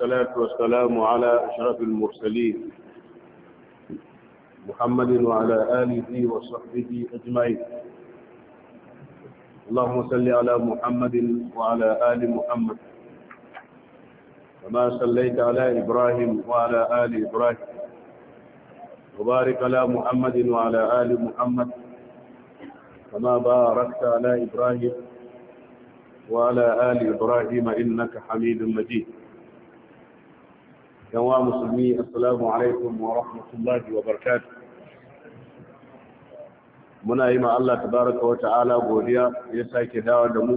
والصلاة والسلام على أشرف المرسلين محمد وعلى آله وصحبه أجمعين اللهم صل على محمد وعلى آل محمد كما صليت على إبراهيم وعلى آل إبراهيم وبارك على محمد وعلى آل محمد كما باركت على إبراهيم وعلى آل إبراهيم إنك حميد مجيد yawa musulmi assalamu alaikum wa rahmatullahi wa barakatuh muna yi ma Allah tabaraka wa ta'ala godiya ya sake dawo da mu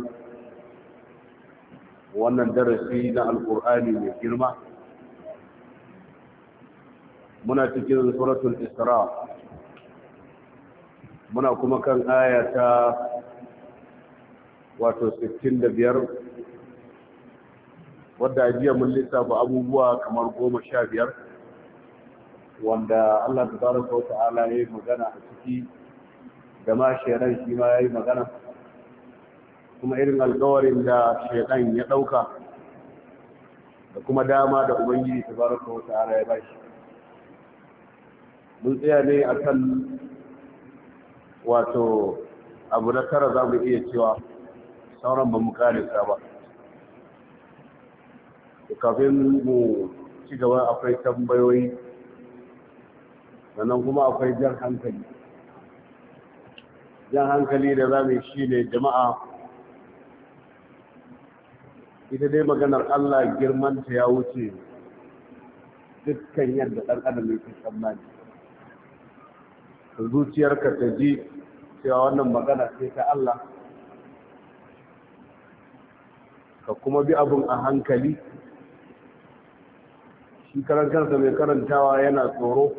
wannan darasi na alkur'ani mai girma muna cikin suratul isra muna kuma kan aya ta wato 65 wadda jiya mun lissafa abubuwa kamar goma sha biyar wanda Allah ta baraka wa ta'ala ya yi magana a ciki da ma shaidan shi ma ya yi magana kuma irin alkawarin da shaidan ya ɗauka da kuma dama da ubangiji ta ta'ala ya bashi mun tsaya ne a kan wato abu na tara za mu iya cewa sauran ba mu kare ba kafin mu ci gaba akwai tambayoyi sannan kuma akwai jan hankali jan hankali da za mu shi ne jama'a ita dai maganar Allah girmanta ya wuce dukkan yadda ɗan adam fi tsammani zuciyarka ta ji cewa wannan magana sai ta Allah ka kuma bi abin a hankali shi karan da mai karantawa yana tsoro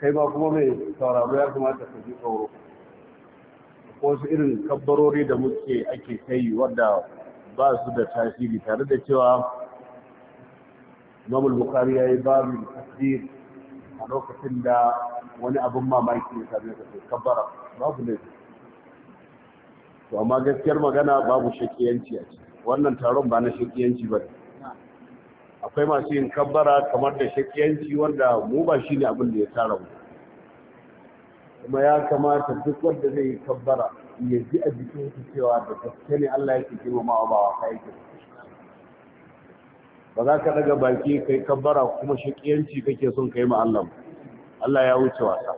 kai ba kuma mai sauraro ya kamata ka ji tsoro wasu irin kabbarori da muke ake kai wadda ba su da tasiri tare da cewa Imam Bukhari yayi babu tasdir a lokacin da wani abin mamaki ya sami ka kabbara babu ne to amma gaskiyar magana babu shakiyanci a ciki wannan taron ba na shakiyanci ba ne akwai masu yin kabbara kamar da shakiyanci wanda mu ba shi ne abin da ya tara mu kuma ya kamata duk wanda zai yi kabbara ya ji a jikin su cewa da gaske ne Allah yake ma ba wasa yake ba za ka daga baki kai kabbara kuma shakiyanci kake son kai ma Allah Allah ya wuce wasa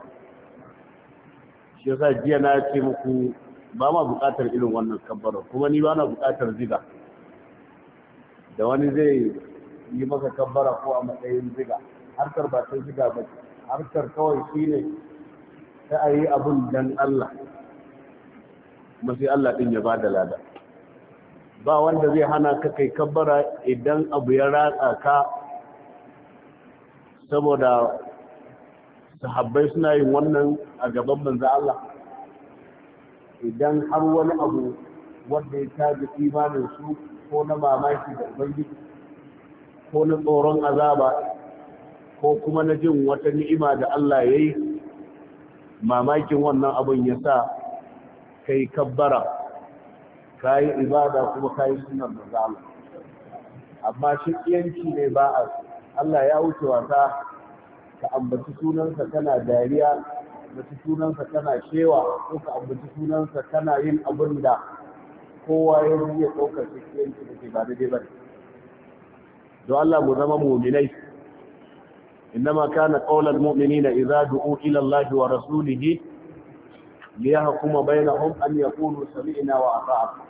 shi yasa jiya na ce muku ba ma bukatar irin wannan kabbara kuma ni ba na bukatar ziga da wani zai yi maka kabbara ko a matsayin ziga harkar ba ta ziga ba harkar kawai shi ne ta a yi abun dan Allah kuma Allah ɗin ya ba da lada ba wanda zai hana ka kai kabbara idan abu ya ratsa ka saboda sahabbai suna yin wannan a gaban banza Allah idan har wani abu wanda ya tabi imanin su ko na mamaki da ubangiji ko na tsoron azaba ko kuma na jin wata ni'ima da Allah ya yi mamakin wannan abin ya sa ka yi kabbara ka yi ibada kuma ka yi sunan mazala amma shi shiƙiyanci ne ba Allah ya wuce wasa ka ambaci sunansa kana dariya ambaci sunansa kana shewa ko ka ambaci sunansa kana yin abin da kowa ya iya ɗaukar da ke ba dai ba ne don Allah mu zama mu'minai innama kana qaulal mu'minina idza du'u ila Allah wa rasulihi liyahkuma bainahum an yaqulu sami'na wa ata'na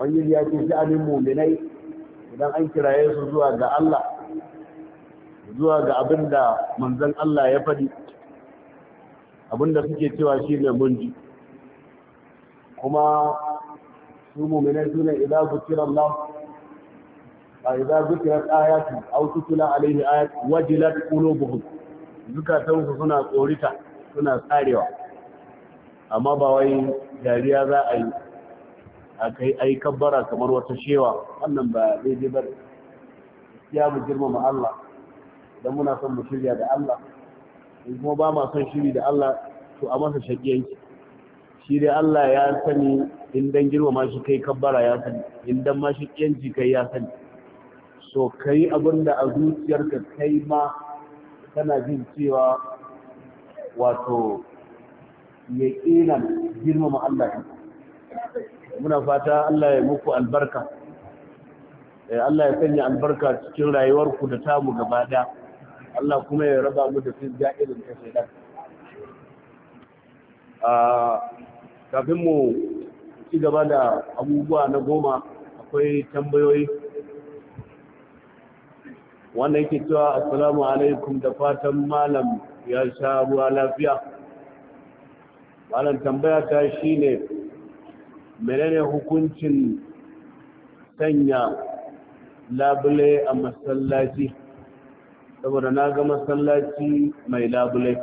wani ya ce sha'anin mu'minai idan an kiraye su zuwa ga Allah zuwa ga abinda manzon Allah ya faɗi abinda suke cewa shi ne mun ji kuma su mu'minai sune idza zukira Allah فإذا ذكرت آيات أو تتلى عليه آيات وجلت قلوبهم zukatansu suna tsorata, suna tsarewa amma ba wai dariya za a yi a kai ai kabbara kamar wata shewa wannan ba zai je bari ya mu girmama Allah dan muna son mu shirya da Allah in kuma ba ma son shiri da Allah to a masa shakiyanki shi dai Allah ya sani in dan girmama shi kai kabbara ya sani in dan ma shakiyanci kai ya sani to ka yi abin da a zuciyarka kai ma tana jin cewa wato ya ƙinan girmama Allah muna fata Allah ya muku albarka eh, Allah ya sanya albarka cikin rayuwarku da tamu gaba ɗaya Allah kuma ya raba mu da fi ja'irin ta shaidan ah, kafin mu ci gaba da abubuwa na goma akwai tambayoyi wanda yake cewa assalamu alaikum da fatan malam ya sha ruwa lafiya malam tambaya ta shine menene hukuncin sanya labule a masallaci saboda na ga masallaci mai labule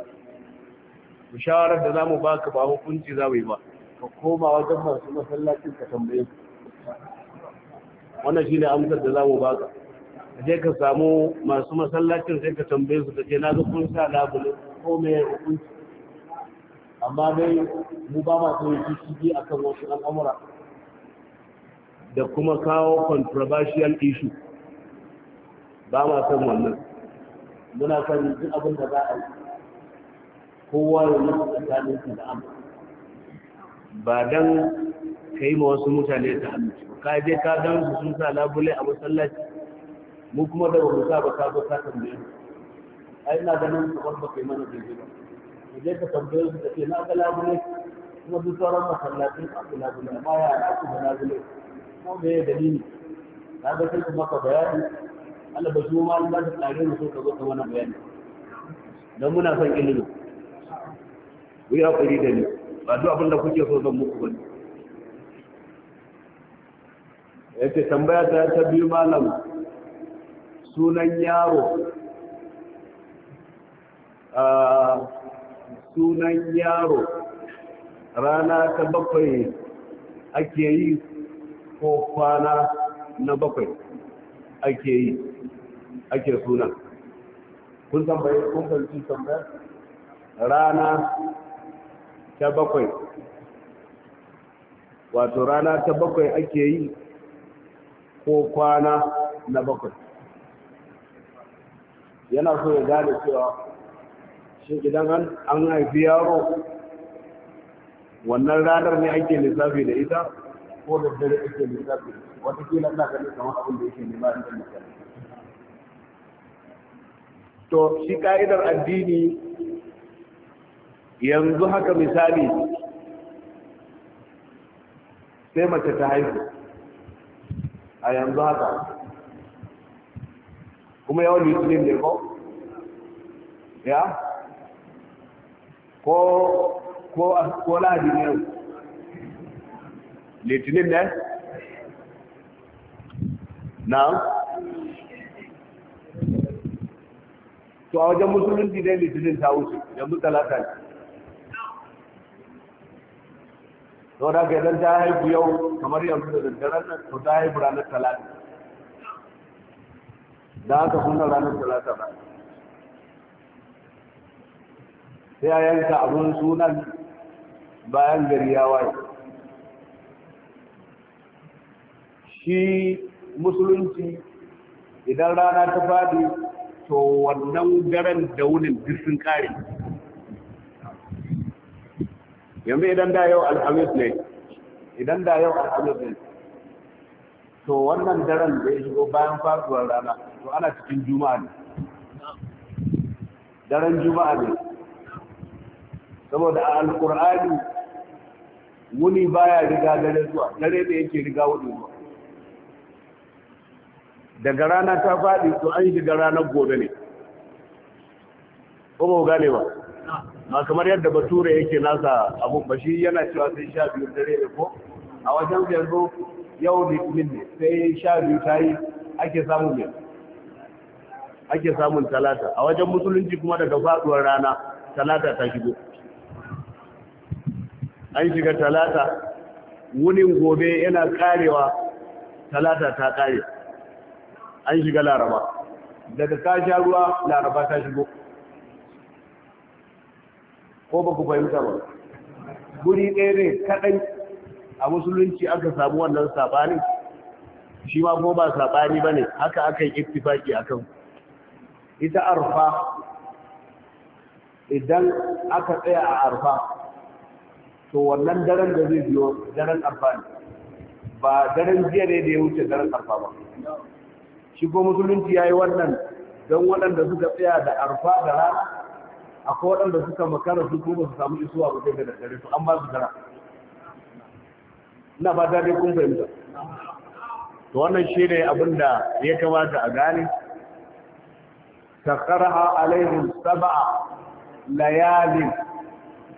shawarar da za mu baka ba hukunci za mu yi ba ka koma wajen masu masallacin ka tambaye wannan shine amsar da za mu baka je ka samu masu masallacin sai ka tambaye su take na zo kun sa labule ko me hukunci amma dai mu ba ma so yi a akan wasu al'amura da kuma kawo controversial issue ba ma san wannan muna san duk abin da za a yi kowa ya yi tsakanin su da amma ba dan ka yi ma wasu mutane ta amince ka je ka gan su sun sa labule a masallaci mu kuma da wani sa ba ka zo ka tambaye mu ai ina ganin ku wanda kai mana daidai ba ku je ka tambaye su ce na ga labule kuma duk sauran masallatin abu labule ba ya na ku da labule ko me ya dalili na ga sai kuma ka bayani Allah ba shi ma Allah ta tsare mu so ka zo ka mana bayani dan muna son ilimi ku ya kuri da ni ba duk abin da kuke so zan muku bane ce tambaya ta ta biyu malam sunan yaro sunan yaro rana ta bakwai ake yi ko kwana na bakwai ake yi ake sunan kun tambaye kun fahimci tambayar rana ta bakwai wato rana ta bakwai ake yi ko kwana na bakwai yana so ya gane cewa shi idan an haifi yaro wannan ranar ne ake lissafi da ita ko da dare ake lissafi watakila ina ganin kamar abin da yake nema a kan misali to shi ka'idar addini yanzu haka misali sai mace ta haihu a yanzu haka kuma yawan litinin ne ko? ya? ko ko lahadi ne litinin ne? na? to a wajen musulunci ne litinin ta wuce yanzu talata ne sau da ga zan ta haifu yau kamar yanzu da daddaren nan to ta haifu ranar talata da aka sunan ranar talata ba sai a yanka abin sunan bayan gari ya waye shi musulunci idan rana ta faɗi to wannan daren da wunin duk kare yanzu idan da yau alhamis ne idan da yau alhamis ne to wannan daren da ya shigo bayan faruwar rana to ana cikin juma'a ne daren juma'a ne saboda a alkur'ani wuni baya riga dare zuwa dare da yake riga wuni zuwa daga rana ta faɗi to an shiga ranar gobe ne ko ba gane ba ma kamar yadda bature yake nasa abu ba shi yana cewa sai sha biyu dare ne ko a wajen yanzu yau litinin ne sai sha biyu ta yi ake samun yanzu ake samun talata a wajen musulunci kuma daga faduwar rana talata ta shigo an shiga talata wunin gobe yana karewa talata ta kare an shiga laraba daga kasha ruwa laraba ta shigo ko ba ku fahimta ba guri ɗaya ne kaɗai a musulunci aka samu wannan saɓani? shi ma ko ba saɓani ba ne haka aka yi ittifaki a kan ita arfa idan aka tsaya a arfa to wannan daren da zai biyo daren arfa ne ba daren jiya ne da ya wuce daren arfa ba shi ko musulunci ya yi wannan don waɗanda suka tsaya da arfa da rana akwai waɗanda suka makara su ba su samu isuwa ba sai da dare su an ba su dara ina fata dai kun fahimta to wannan shi ne abin da ya kamata a gane سخرها alaihim sab'a layalin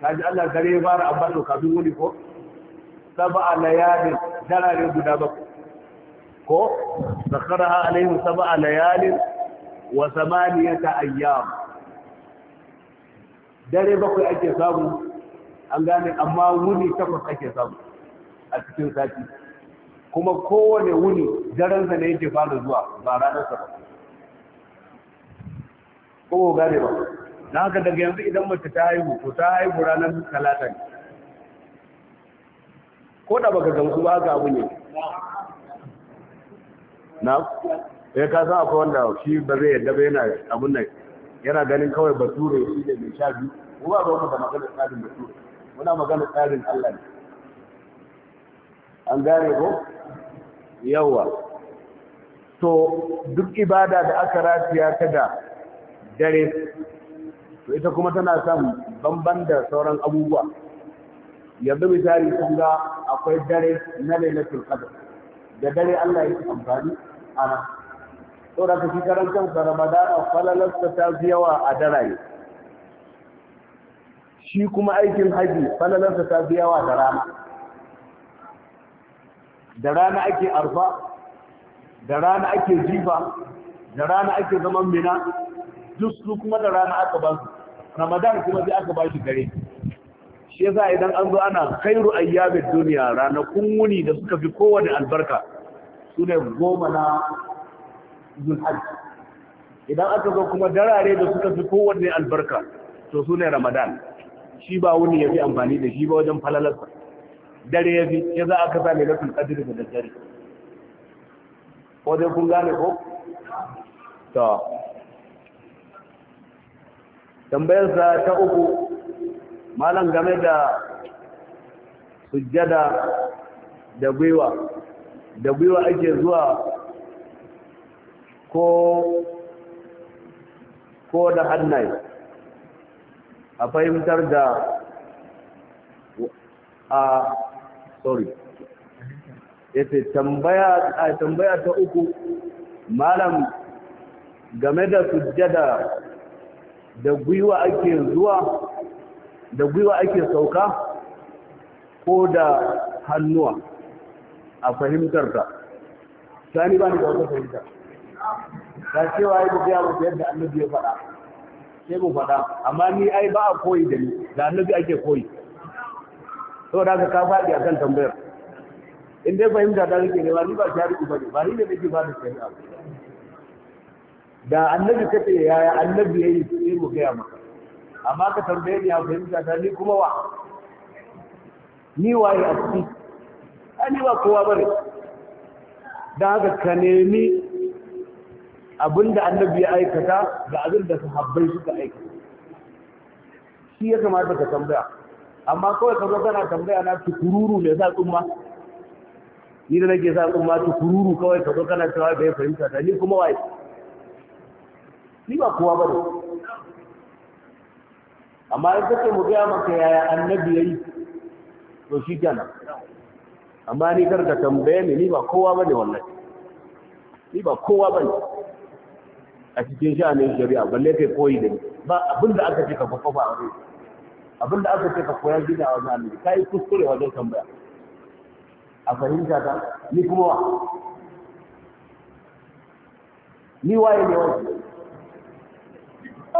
kaji Allah dare ya fara abba to kafin wuni ko sab'a layalin darare guda bakwai ko sakharaha alaihim layalin wa dare bakwai ake samu an gane amma wuni takwas ake samu a cikin sati kuma kowane wuni daren sa ne yake fara zuwa ba ranar sa ba ko gane ba na haka daga yanzu idan mace ta haihu to ta haihu ranar talata ne ko da baka gamsu ba ga abu ne na ya eh, ka san akwai wanda shi ba zai yadda ba yana abun nan yana ganin kawai bature shi da mai sha biyu ko ba ba da maganar tsarin bature muna maganar tsarin Allah ne an gane ko yawa to duk ibada da aka rafiya ta da dare to ita kuma tana son bamban da sauran abubuwa yanzu misali sun ga akwai dare na lailatul qadr da dare Allah yake amfani a nan to da kashi karan kan ramadana falalarsa ta fi yawa a dare shi kuma aikin haji falalarsa ta fi yawa da rana da rana ake arfa da rana ake jifa da rana ake zaman mina duk su kuma da rana aka ba su ramadan kuma sai aka ba shi gare shi yasa idan an zo ana khairu ayyamin duniya ranakun wuni da suka fi kowane albarka su ne goma na zulhaj idan aka zo kuma darare da suka fi kowane albarka to su ne ramadan shi ba wuni ya fi amfani da shi ba wajen falalarsa dare ya fi ya za a kasa mai lafin ƙadir da dare. ko dai kun gane ko? ta tambayarsa ta uku malam game da sujjada da gwiwa da gwiwa ake zuwa ko ko da hannaye a fahimtar da a sorry yace tambaya tambaya ta uku malam game da sujjada da gwiwa ake zuwa da gwiwa ake sauka ko da hannuwa a fahimtarta sani ba ni da wata fahimta ta cewa yi buga yawon yadda annabi ya faɗa sai mu faɗa amma ni ai ba a koyi da ni da annabi ake koyi sau da ka faɗi a kan tambayar in dai fahimta ta rike ne ba ni ba shari'u ba ne ba ni da ke ba da shari'a da annabi kace yaya annabi yayi sai mu gaya maka amma ka tambaye ni a fahimta ta ni kuma wa ni waye a ciki ani ba kowa bane da haka ka nemi abinda annabi ya aikata da abin da sahabbai suka aikata shi ya kamata ka tambaya amma kawai ka zo kana tambaya na tukururu me sa tsumma ni da nake sa tsumma tukururu kawai ka zo kana cewa bai fahimta ta ni kuma waye ni ba kowa ba ne amma yadda ke mu gaya maka yaya annabi yi to shi gana amma ni kar ka tambaye ni ni ba kowa bane wannan, ni ba kowa bane a cikin ne shari'a balle kai koyi da ni ba abinda aka ce ka ba a wurin abinda aka ce ka koyar gida a wajen annabi yi kuskure wajen tambaya a fahimta ta ni kuma wa ni waye ne wani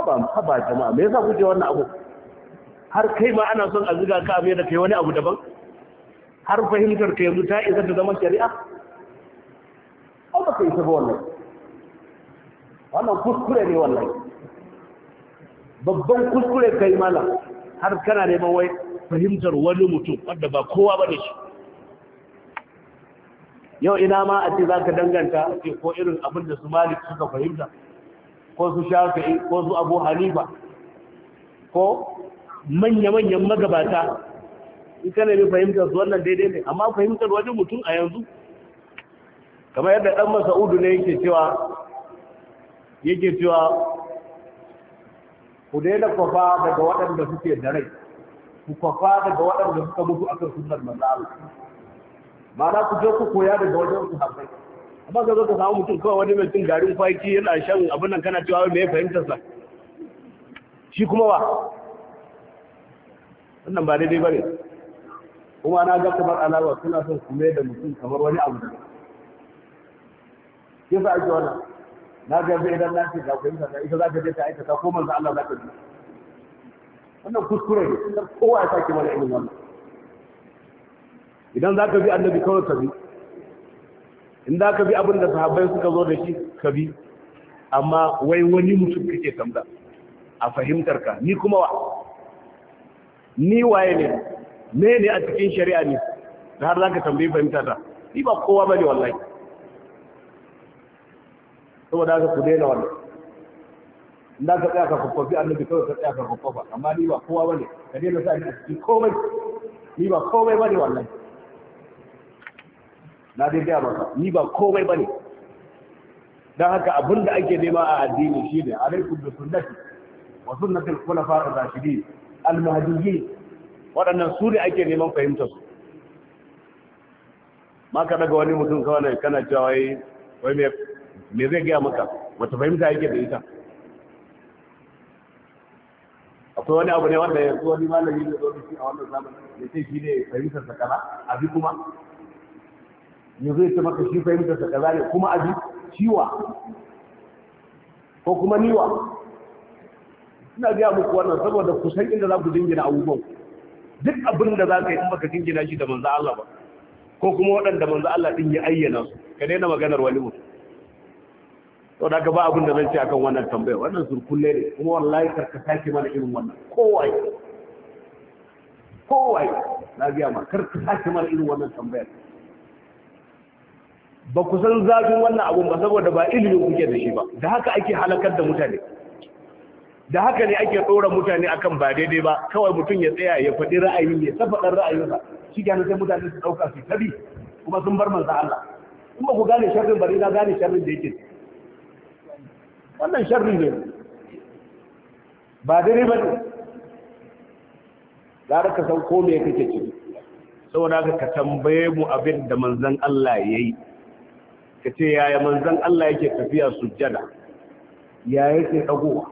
ba haba jama'a me yasa kuke wannan abu har kai ma ana son a ziga ka abin da kai wani abu daban har fahimtar ka yanzu ta isa ta zama shari'a an ba ka isa ba wannan wannan kuskure ne wannan babban kuskure kai mala har kana neman wai fahimtar wani mutum wadda ba kowa ba ne shi yau ina ma a ce za ka danganta ko irin abin da su malik suka fahimta ko su shafi ko su abu hanifa ko manya-manyan magabata in kana bi fahimtar su wannan daidai ne amma fahimtar wajen mutum a yanzu kamar yadda dan masa'udu ne yake cewa yake cewa ku daina kwafa daga waɗanda suke da rai ku kwafa daga waɗanda suka mutu akan sunnar manzo ma na ku je ku koya daga wajen su haɓai ba ka zo ka samu mutum kawai wani mai cin garin kwaki yana shan abin nan kana cewa mai fahimtar sa shi kuma wa wannan ba daidai bane kuma na ga kamar alawa suna son su mai da mutum kamar wani abu da ke sa ake wannan na ga bai idan na ce ga fahimta ta ita za ka je ta aikata ko manzo Allah za ta ji wannan kuskure ne kowa ya sake mana irin wannan idan za ka bi annabi kawai ka bi in za ka bi abin da sahabbai suka zo da shi ka bi amma wai wani mutum kake tambaya a fahimtar ka ni kuma wa ni waye ne me ne a cikin shari'a ne da har za ka tambayi fahimta ta ni ba kowa ba ne wallahi saboda ka ku daina wannan in za ka tsaya ka kwakwafi annabi kawai ka tsaya ka kwakwafa amma ni ba kowa ba ne ka daina sa ni a cikin komai ni ba komai ba ne wallahi na dai gaya maka ni ba komai ba ne don haka abin da ake nema a addini shine alaikum bi sunnati wa sunnati al-khulafa ar-rashidin al-mahdiyyin waɗannan suri ake neman fahimtar su ma ka daga wani mutum kawai kana cewa wai wai me me zai gaya maka wata fahimta yake da ita akwai wani abu ne wanda yanzu wani malami ne zo shi a wannan zamanin ya ce shi ne fahimtar sa a abi kuma ne zai ta maka shi fahimtar sa kaza ne kuma abi ciwa ko kuma niwa ina gaya muku wannan saboda ku san inda za ku jingina abubuwan duk abin da za ka yi in baka jingina shi da manzo Allah ba ko kuma waɗanda manzo Allah din ya ayyana su ka daina maganar wani mutum to da ka ba abin da zan ce akan wannan tambaya wannan surkulle ne kuma wallahi karka sake mana irin wannan kowai kowai na biya ma karka sake mana irin wannan tambayar ba ku san zafin wannan abun ba saboda ba ilimin kuke da shi ba da haka ake halakar da mutane da haka ne ake tsoron mutane akan ba daidai ba kawai mutum ya tsaya ya faɗi ra'ayi ya tafaɗar ra'ayinsa shi ke sai mutane su ɗauka su tabi kuma sun bar manzan Allah kuma ku gane sharrin bari na gane sharrin da yake wannan sharrin ne ba daidai ba ne gara ka san ko me kake ciki saboda ka tambaye mu abin da manzan Allah ya yi ka ce yaya manzan Allah yake tafiya sujjada ya yake dagowa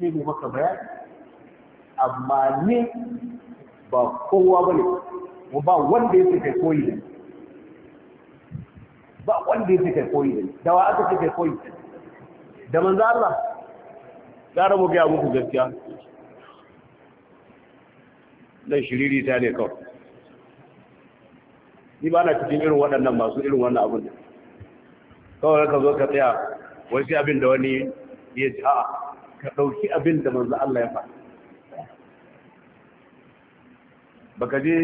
sai mu maka bayani amma ni ba kowa bane mu ba wanda yake kai koyi da ba wanda yake kai koyi da da wa aka kai koyi da manzan Allah gara mu ga muku gaskiya dan shiriri ta ne kawai ni ba na cikin irin waɗannan masu irin wannan abin da kawai ka zo ka tsaya wai sai abin da wani ya ji ka ɗauki abin da manzo Allah ya faɗa baka je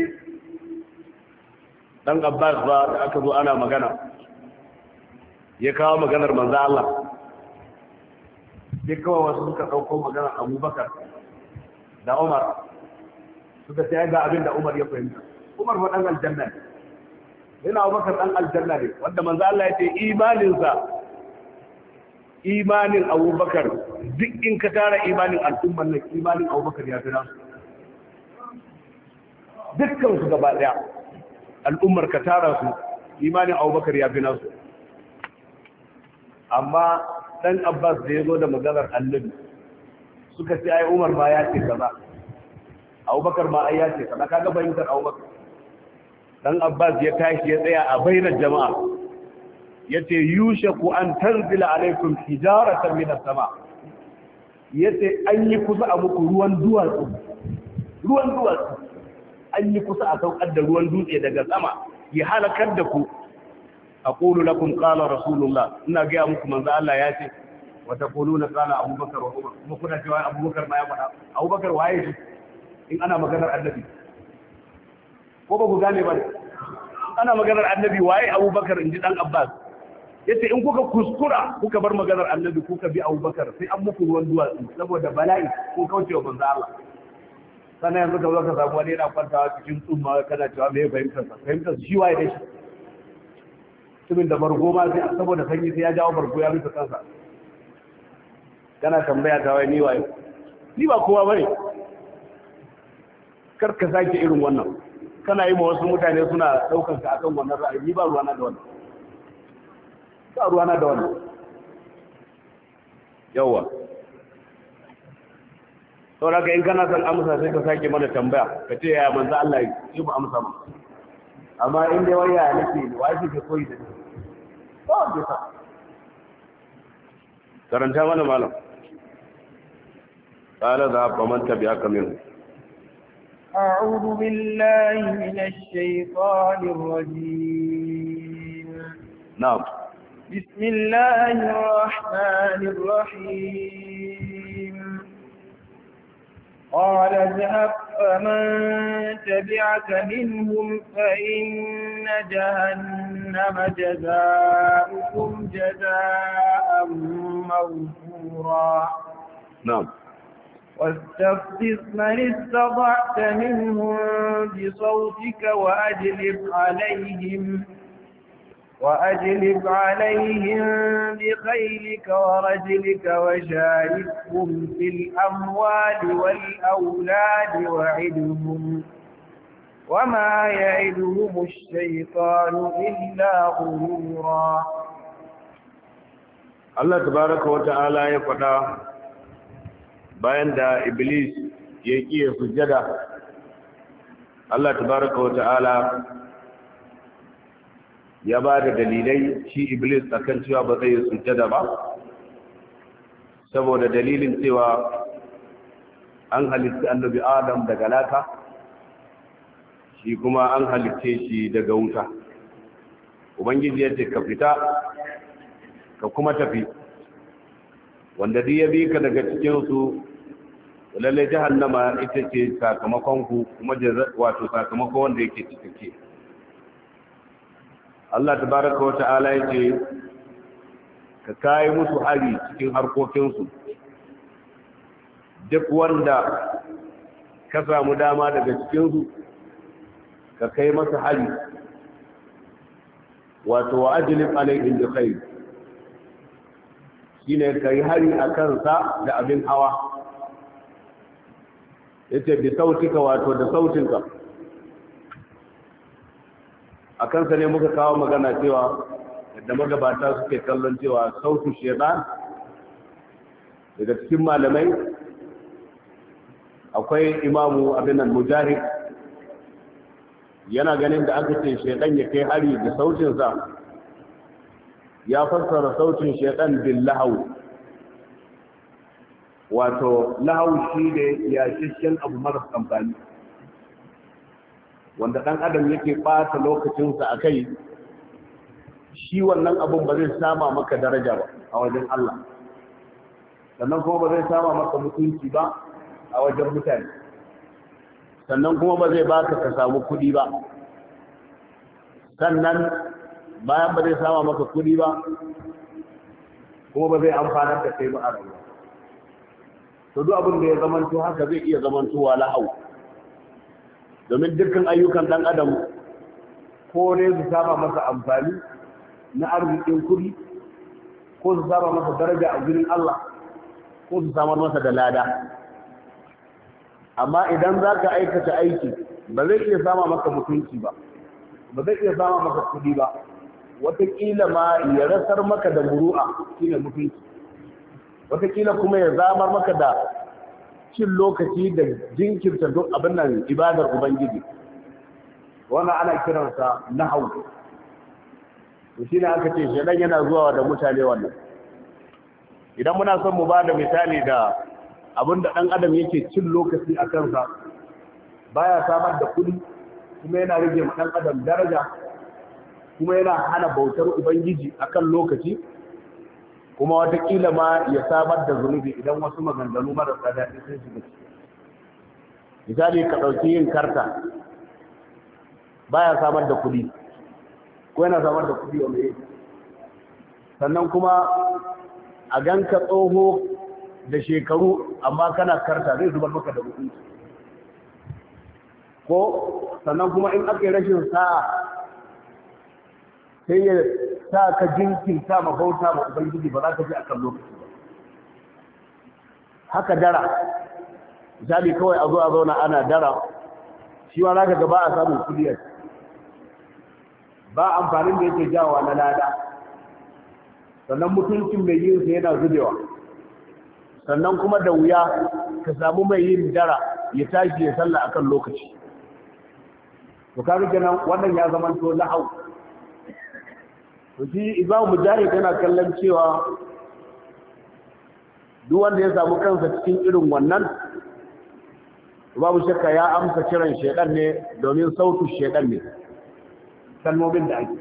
dan Abbas ba da aka zo ana magana ya kawo maganar manzo Allah sai kawai wasu suka ɗauko magana Abubakar da Umar suka sai ga abin da Umar ya fahimta Umar waɗannan aljanna yana abubakar dan aljanna ne wanda manzo Allah ya ce imaninsa imanin abubakar duk in ka tara imanin al'umman nan imanin abubakar ya fi nasu dukkan su gaba daya al'ummar ka tara su imanin abubakar ya fi nasu amma dan abbas da ya zo da maganar annabi suka ce ai umar ma ya ce Abu abubakar ma ai ya ce bayin kaga Abu abubakar dan abbas ya tashi ya tsaya a bainar jama'a yace yushaku an tanzila alaikum hijaratan minas sama yace an yi kusa a muku ruwan duwatsu ruwan duwatsu an yi kusa a saukar da ruwan dutse daga sama ya halakar da ku aqulu lakum qala rasulullah ina ga muku manzo Allah ya ce wa taquluna qala abubakar wa umar kuma kuna cewa abubakar ma ya faɗa abubakar waye shi in ana maganar annabi ko ba ku gane ba ana maganar annabi waye abubakar in ji dan abbas ya ce in kuka kuskura kuka bar maganar annabi kuka bi abubakar sai an muku ruwan duwatsu saboda bala'i ko kaucewa banza Allah sannan yanzu ka zo ka samu wani yana kwantawa cikin tsumma kana cewa me fahimtar sa fahimtar shi waye da shi mutumin da bargo ma sai saboda sanyi sai ya jawo bargo ya rufe kansa kana tambaya ta wai ni waye ni ba kowa bane kar ka sake irin wannan kana yi ma wasu mutane suna ɗaukar ka akan wannan ra'ayi ba ruwa na da wannan ba na da wannan yawa saboda ka in kana son amsa sai ka sake mana tambaya ka ce ya manzo Allah yi mu amsa ma. amma in dai wani yaya wa shi ke koyi da ni ba wanda sa karanta mana malam قال ذهب ومن تبعك منهم أعوذ بالله من الشيطان الرجيم نعم بسم الله الرحمن الرحيم قال اذهب فمن تبعك منهم فإن جهنم جزاؤكم جزاء موفورا نعم واستفزز من استطعت منهم بصوتك وأجلب عليهم وأجلب عليهم بخيلك ورجلك وشاركهم في الأموال والأولاد وعدهم وما يعدهم الشيطان إلا غرورا الله تبارك وتعالى يفتح bayan da iblis ya kiye sujjada Allah tabaraka wa ta'ala ya ba da dalilai shi iblis akan cewa ba zai sujjada ba saboda dalilin cewa an halitta annabi adam daga laka shi kuma an halitta shi daga wuta ubangiji ya ce ka fita ka kuma tafi wanda duk ya bi ka daga cikinsu lalle jahannama ita ce sakamakon ku kuma wato sakamakon wanda yake cikakke Allah tabaraka wa ta'ala yake ka kai musu hari cikin harkokin su duk wanda ka samu dama daga cikin su ka kai masa hari wato wa ajlib alayhi bi khair shine kai hari akan sa da abin hawa yace bi sautika wato da sautinka a kansa ne muka kawo magana cewa da magabata suke kallon cewa sautin shaitan daga cikin malamai akwai imamu abinan mujahid yana ganin da aka ce shaitan ya kai hari da sautinsa ya fassara sautin shaitan bin lahau wato lahaushi da ya shishin abu maras amfani wanda ɗan adam yake ɓata lokacinsa a kai shi wannan abun ba zai sama maka daraja ba a wajen Allah sannan kuma ba zai sama maka mutunci ba a wajen mutane sannan kuma ba zai baka ka samu kuɗi ba sannan bayan ba zai sama maka kuɗi ba kuma ba zai amfanar da kai ba a rayuwa to duk abin da ya zamanto haka zai iya wa lahau domin dukkan ayyukan dan adam ko ne su saba masa amfani na arzikin kuri ko su saba masa daraja a gurin Allah ko su samar masa da lada amma idan za ka aikata aiki ba zai iya sama maka mutunci ba ba zai iya sama maka kudi ba wataƙila ma ya rasar maka da muru'a shine mutunci watakila kuma ya zamar maka da cin lokaci da jinkirta duk abin nan ibadar ubangiji wannan ana kiransa nahau to ne aka ce shi. shedan yana zuwa da mutane wannan idan muna son mu ba da misali da abin da ɗan adam yake cin lokaci a kansa baya samar da kuɗi kuma yana rage ma dan adam daraja kuma yana hana bautar ubangiji akan lokaci kuma watakila ma ya samar da zunubi idan wasu maganganu marasa daɗi sun shiga ciki misali ka ɗauki yin karta baya samar da kuɗi ko yana samar da kuɗi wanda yake sannan kuma a ganka tsoho da shekaru amma kana karta zai zubar maka da kuɗi ko sannan kuma in aka yi rashin sa'a sai ya Ta ka jinkirta ma bauta ma ubangiji ba za ka ji akan lokaci ba haka dara misali kawai a zo a zauna ana dara shi wa za ka gaba a samun kuliyar ba amfanin da yake jawa na lada sannan mutuncin mai yin sa yana zubewa sannan kuma da wuya ka samu mai yin dara ya tashi ya sallah akan lokaci to kaga kenan wannan ya zama to lahau Kuji Imam Mujahid yana kallon cewa duk wanda ya samu kansa cikin irin wannan babu shakka ya amsa kiran shedan ne domin sautu shedan ne kalmomin da ake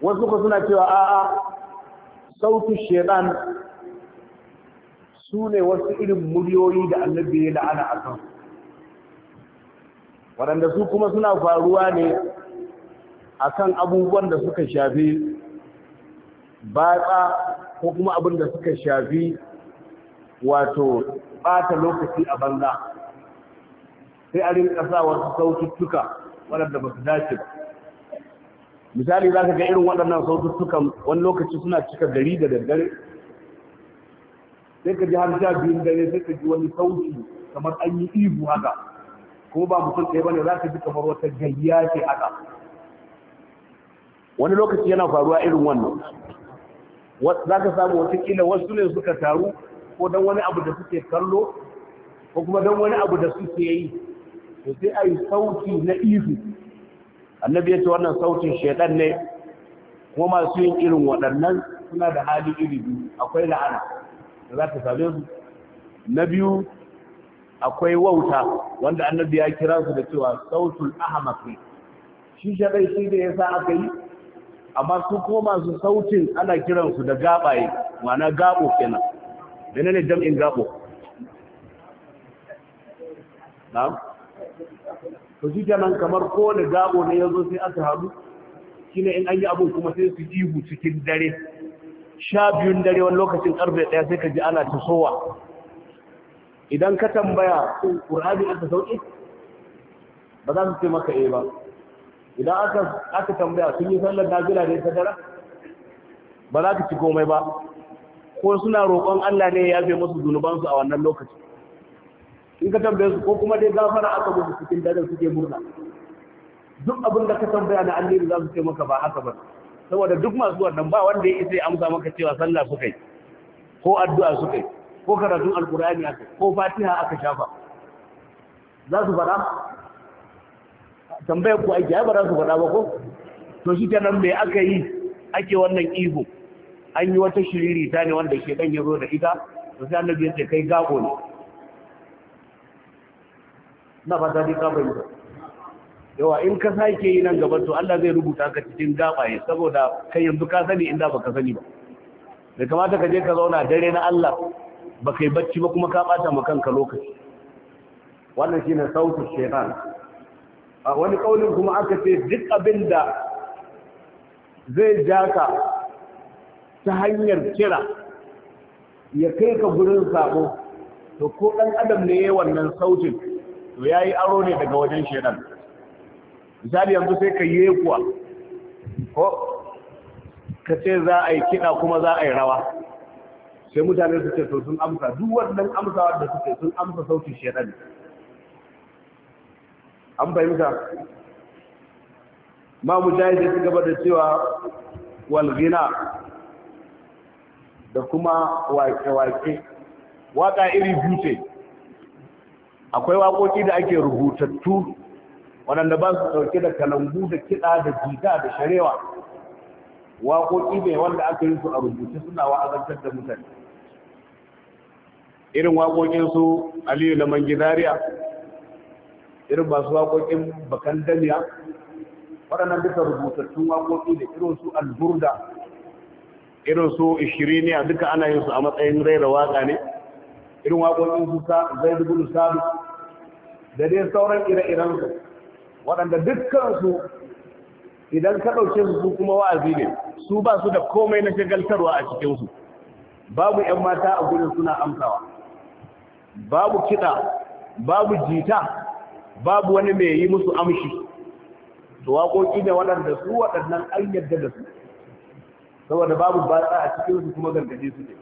wasu ku suna cewa a'a sautu shedan su ne wasu irin muryoyi da annabi ya la'ana a kan waɗanda su kuma suna faruwa ne akan abubuwan da suka shafi batsa ko kuma abin da suka shafi wato bata lokaci a banza sai a rinka sa wasu saututtuka waɗanda ba su dace ba misali za ka ga irin waɗannan saututtukan wani lokaci suna cika gari da daddare sai ka ji har sha biyun dare sai ka ji wani sauti kamar an yi ihu haka ko ba mutum ɗaya ne za ka ji kamar wata gayya ce haka wani lokaci yana faruwa irin wannan za ka samu watakila wasu ne suka taru ko don wani abu da suke kallo ko kuma don wani abu da suke yi to sai a yi sauti na ihu annabi ya ce wannan sautin shaidan ne kuma masu yin irin waɗannan suna da hali iri biyu akwai la'ana da za ta same su na biyu akwai wauta wanda annabi ya kira su da cewa sautul ahamakai shi shaɗai shi da yasa aka yi amma su ko masu sautin ana kiransu da gabaye mana gabo kenan da ne jam'in gabo na? to shi kenan kamar ko da gabo ne yazo sai aka haɗu Kina in an yi abun kuma sai su ihu cikin dare sha biyun dare wani lokacin karfe ɗaya sai ka ji ana ta sowa idan ka tambaya ƙur'ani aka sauƙi ba za su ce maka eh ba idan aka aka tambaya sun yi sallar nazila ne ta dara ba za ka ci komai ba ko suna roƙon Allah ne ya yafe musu zunubansu a wannan lokaci in ka tambaye su ko kuma dai gafara aka musu cikin dare suke murna duk abin da ka tambaya na Allah za su ce maka ba haka ba saboda duk masu wannan ba wanda ya isa ya amsa maka cewa sallah suka yi ko addu'a suka yi ko karatun alkur'ani aka ko fatiha aka shafa za su fara tambayar ku ake ya ba za su faɗa ba ko to shi nan me aka yi ake wannan ihu an yi wata shiririta ne wanda shedan ya zo da ita to sai annabi ya kai gago ne na fata dai ka ba. yawa in ka sake yi nan gaba to Allah zai rubuta ka cikin gabaye saboda kai yanzu ka sani inda baka sani ba da kamata ka je ka zauna dare na Allah baka yi bacci ba kuma ka bata ma kanka lokaci wannan shine sautin shaytan a wani ƙaunin kuma aka ce duk abin da zai ja ka ta hanyar kira ya kai ka gurin sabo to ko ɗan adam ne ya wannan sautin to ya yi aro ne daga wajen shedan misali yanzu sai ka yi kuwa ko ka ce za a yi kiɗa kuma za a yi rawa sai mutane su ce to sun amsa duk wannan amsa da suke sun amsa sautin shedan an fahimta ma mujahid ya gaba da cewa walgina da kuma wake-wake waka iri biyu ce akwai wakoki da ake rubutattu waɗanda ba su ɗauke da kalambu da kiɗa da jita da sharewa waƙoƙi ne wanda aka yi su a rubuce suna wa'azantar da mutane irin waƙoƙin su aliyu na mangidariya irin masu waƙoƙin bakan damiya waɗannan duka rubutattun waƙoƙi da irin su alburda irin su ishiriniya duka ana yin su a matsayin raira waƙa ne irin waƙoƙin su zai dubu sabi da dai sauran ire-iren su waɗanda dukkan su idan ka ɗauke su su kuma wa'azi ne su ba su da komai na shagaltarwa a cikin su babu 'yan mata a gudun suna amsawa babu kiɗa babu jita babu wani mai yi musu amshi to waƙoƙi ne waɗanda su waɗannan an yadda da su saboda babu batsa a cikin su kuma gargaje su ne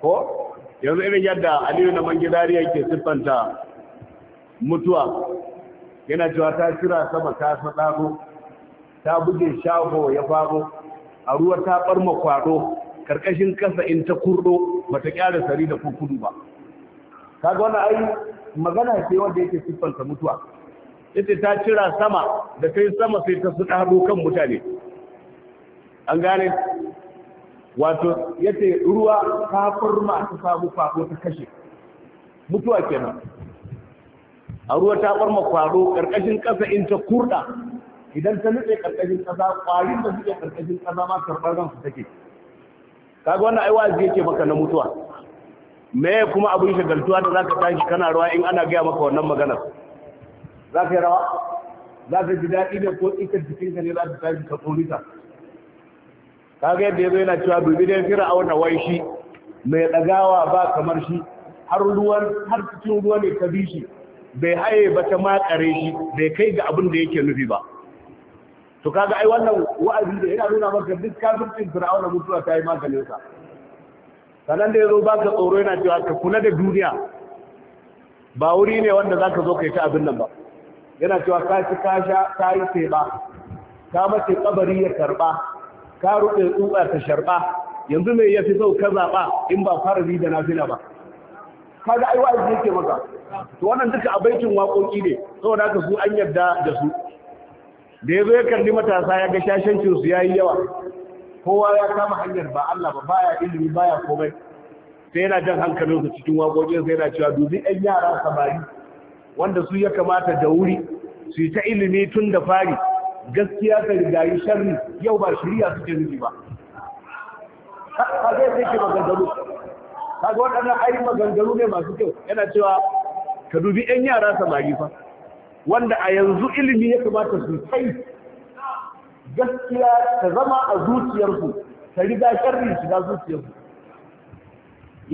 ko yanzu irin yadda aliyu na mangidari yake siffanta mutuwa yana cewa ta shira sama ta saɗago ta buge shago ya fago a ruwa ta ɓarma kwado karkashin kasa in ta kurdo bata kyara sari da kurkudu ba kaga wannan ai magana ce wanda yake siffanta mutuwa yace ta cira sama da kai sama sai ta suɗa hado kan mutane an gane wato yace ruwa ta furma ta samu fako ta kashe mutuwa kenan a ruwa ta farma kwaro karkashin kasa in ta kurda idan ta nutse karkashin kasa kwarin da suke karkashin kasa ma karbar ran su take kaga wannan ai wazi yake maka na mutuwa me kuma abin shagaltuwa da zaka tashi kana rawa in ana gaya maka wannan maganar zaka yi rawa zaka ji daɗi ne ko ikar jikinka ne za ka tashi ka Ka ga yadda yazo yana cewa bibi da fira a wannan wai shi mai ɗagawa ba kamar shi har ruwan har cikin ruwa ne ka bi shi bai haye ba ta makare shi bai kai ga abin da yake nufi ba to kaga ai wannan wa'azi da yana nuna maka duk kafircin fir'auna mutuwa ta yi maganin sa sannan da ya zo ba ka tsoro yana cewa ka kula da duniya ba wuri ne wanda za ka zo ka yi ta abin nan ba yana cewa ka ci ka sha ka yi sai ba ka mace kabari ya karba ka rufe tsutsa ta sharba yanzu mai ya fi sau ka zaɓa in ba fara zi da nafila ba kaga ai wa'azi yake maka to wannan duka abaikin waƙoƙi ne saboda ka su an yarda da su da ya zo ya kalli matasa ya ga shashancin su yi yawa kowa ya kama hanyar ba Allah ba baya ilimi baya komai sai yana jan hankalin su cikin waƙoƙin sai yana cewa dubi ɗan yara samari wanda su ya kamata da wuri su yi ta ilimi tun da fari gaskiya ta rigayi sharri yau ba shirya su nufi ba ka zai sai ke maganganu ka ga waɗannan ayi maganganu ne masu kyau yana cewa ka dubi ɗan yara samari fa wanda a yanzu ilimi ya kamata su kai gaskiya ta zama a zuciyarku ta riga sharri shiga zuciyarku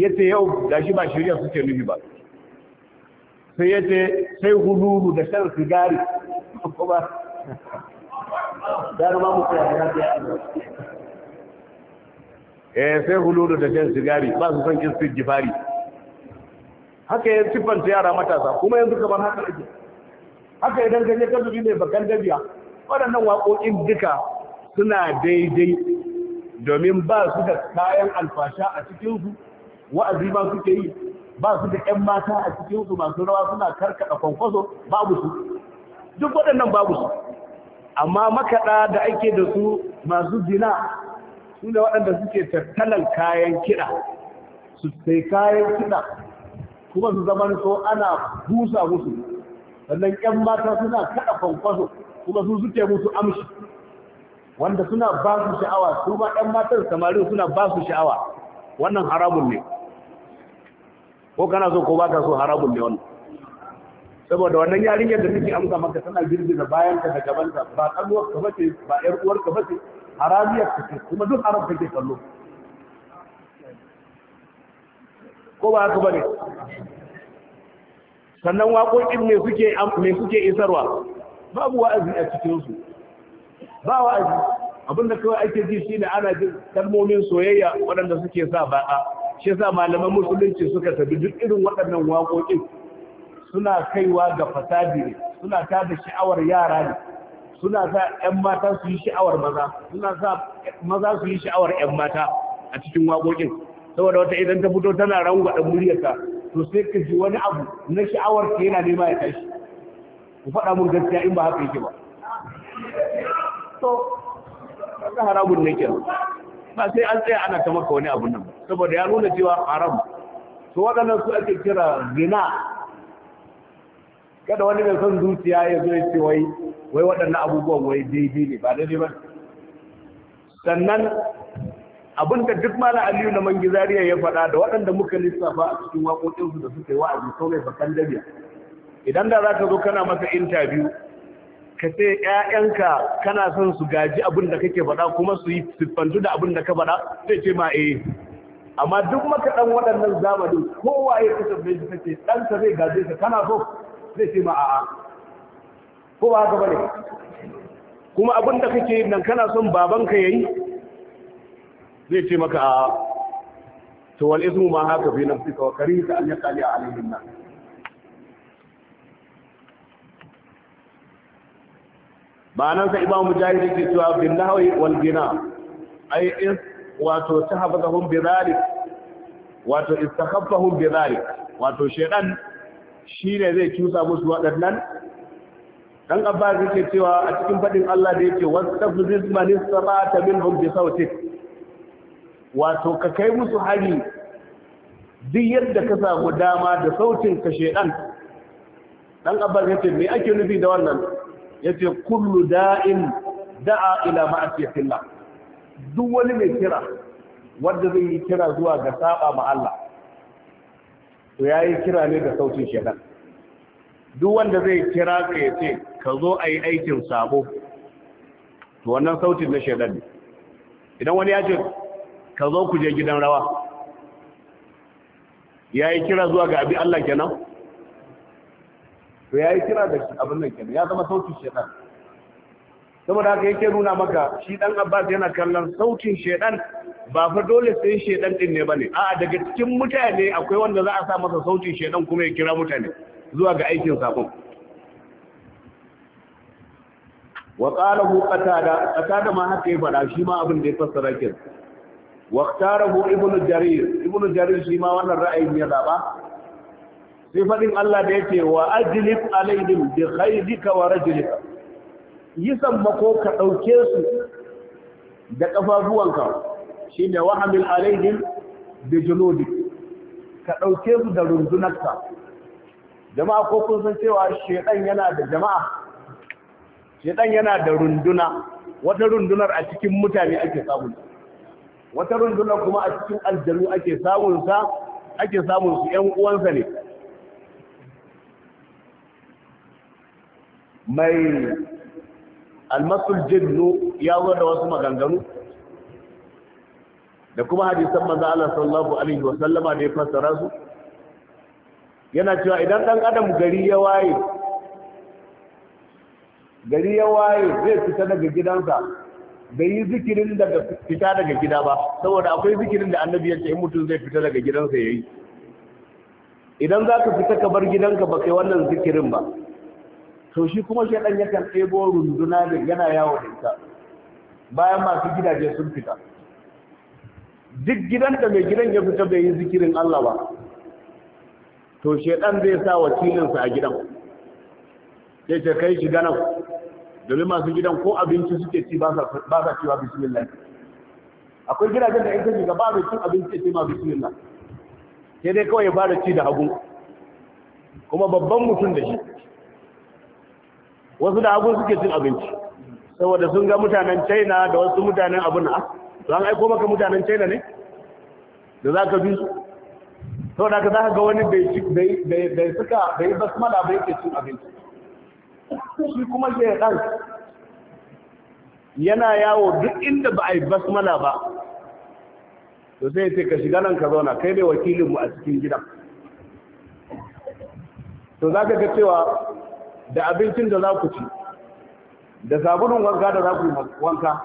ya ce yau da shi ba shirya suke nufi ba sai ya ce sai hululu da shan sigari kuma da ma mutu ya ya eh sai hululu da shan sigari ba su son kinsu gifari haka ya siffanta yara matasa kuma yanzu kamar haka ake haka idan ganye kan zubi ne bakan dabiya waɗannan waƙoƙin duka suna daidai domin ba su da kayan alfasha a cikinsu wa'azi ba suke yi ba su da 'yan mata a cikinsu masu rawa suna karkaɗa kwankwaso babu su duk waɗannan babu su amma makaɗa da ake da su masu zina su ne waɗanda suke tattalan kayan kiɗa su sai kayan kiɗa kuma su zaman so ana busa musu sannan 'yan mata suna kaɗa kwankwaso kuma su suke musu amshi wanda suna ba su sha'awa su ba ɗan matan samari suna ba su sha'awa wannan haramun ne ko kana so ko ba ka so haramun ne wannan saboda wannan yarinyar da suke amsa maka tana girgiza bayan ka da gabanta, ba kalluwar ka bace ba yar uwar ka bace haramiyar ka ce kuma duk haram ke kallo ko ba haka bane sannan waƙoƙin me me suke isarwa babu wa'azi a cikinsu ba wa'azi abinda kawai ake ji shi ne ana jin kalmomin soyayya waɗanda suke sa a shi sa malaman musulunci suka tabi duk irin waɗannan waƙoƙin suna kaiwa ga fasadi ne suna tada sha'awar yara ne suna sa 'yan mata su yi sha'awar maza suna sa maza su yi sha'awar 'yan mata a cikin waƙoƙin saboda wata idan ta fito tana rangwaɗa muryarka to sai ka ji wani abu na sha'awar ka yana nema ya tashi ku faɗa mun gaskiya in ba haka yake ba to ka haramun ne ke ba sai an tsaya ana ta ka wani abun nan saboda ya nuna cewa haram to waɗannan su ake kira zina kada wani mai son zuciya ya zo ya ce wai wai waɗannan abubuwan wai daidai ne ba daidai ba sannan abin da duk mala aliyu na mangizariya ya faɗa da waɗanda muka lissafa a cikin waƙoƙinsu da suka yi wa'azi sau mai bakan dabiya idan da za ka zo kana masa interview ka ce ‘ya'yanka kana son su gaji abin da kake faɗa kuma su yi siffantu da abin da ka faɗa zai ce ma eh amma duk makaɗan waɗannan zamanin kowa ya kusa da shi kake ɗansa zai gaje ka kana so zai ce ma a'a ko ba haka bane kuma abin da kake nan kana son babanka yayi zai ce maka a'a to wal ismu ma haka fi ka wa karihta an yaqali alaihim nan? ba nan sa imamu mujahid yake cewa bin nahwi wal gina ai is wato tahabbahum bi zalik wato istakhaffahum bi zalik wato shaytan shine zai cusa musu waɗannan dan abbas yake cewa a cikin fadin Allah da yake wastafiz man istata minhum bi sautik wato ka kai musu hari duk yadda ka samu dama da sautin ka shaytan dan abbas yake me ake nufi da wannan yace kullu da'in da'a ila ma'asiyatillah duk wani mai kira wanda zai yi kira zuwa ga saba ma Allah to yayi kira ne da sautin shedan duk wanda zai kira ka yace ka zo ayi aikin sabo to wannan sautin na shedan ne idan wani ya ce ka zo ku je gidan rawa yayi kira zuwa ga abi Allah kenan to ya yi kira da abin nan kenan ya zama sautin shedan saboda haka yake nuna maka shi dan Abbas yana kallon sautin shaidan, ba fa dole sai shaidan din ne bane a'a daga cikin mutane akwai wanda za a sa masa sautin shaidan kuma ya kira mutane zuwa ga aikin sabon wa qalahu qatada qatada ma haka yi fada shi ma abin da ya fassara kin wa ikhtarahu ibnu jarir ibnu jarir shi ma wannan ra'ayin ya zaba sai faɗin Allah da yake wa ajlib alaihim bi khaydika wa rajlika yi sammako ka ɗauke su da ƙafafuwanka shine wa hamil alaihim bi junudik ka ɗauke su da rundunarka jama'a ko kun san cewa shedan yana da jama'a shedan yana da runduna wata rundunar a cikin mutane ake samun wata rundunar kuma a cikin aljanu ake samun sa ake samun su ƴan uwansa ne mai almasul jinnu ya zo da wasu maganganu da kuma hadisan manzo Allah sallallahu alaihi wasallama da ya fassara su yana cewa idan dan adam gari ya waye gari ya waye zai fita daga gidansa bai yi zikirin daga fita daga gida ba saboda akwai zikirin da annabi ya ce in mutum zai fita daga gidansa yayi idan za ka fita ka bar gidanka ba kai wannan zikirin ba to shi kuma shi shaidan yakan ɗebo runduna da yana yawo da ita bayan masu gidaje sun fita duk gidan da mai gidan ya fita bai yi zikirin Allah ba to shaidan zai sa sa a gidan sai ce kai shiga nan domin masu gidan ko abinci suke ci ba sa cewa bismillah akwai gidajen da in ka shiga ba mai cin abinci ce ma bismillah sai dai kawai ba da ci da hagu kuma babban mutum da shi wasu da abun suke cin abinci saboda sun ga mutanen china da wasu mutanen abin a ah, an aiko maka mutanen china ne da za ka bi su saboda ka za ka ga wani bai suka bai basmala bai ke cin abinci shi kuma ke ɗan yana yawo duk inda ba a yi basmala ba to sai ce ka shiga nan ka zauna kai ne wakilinmu a cikin gidan to za ka ga cewa da abincin da za ku ci da sabulun wanka da za ku wanka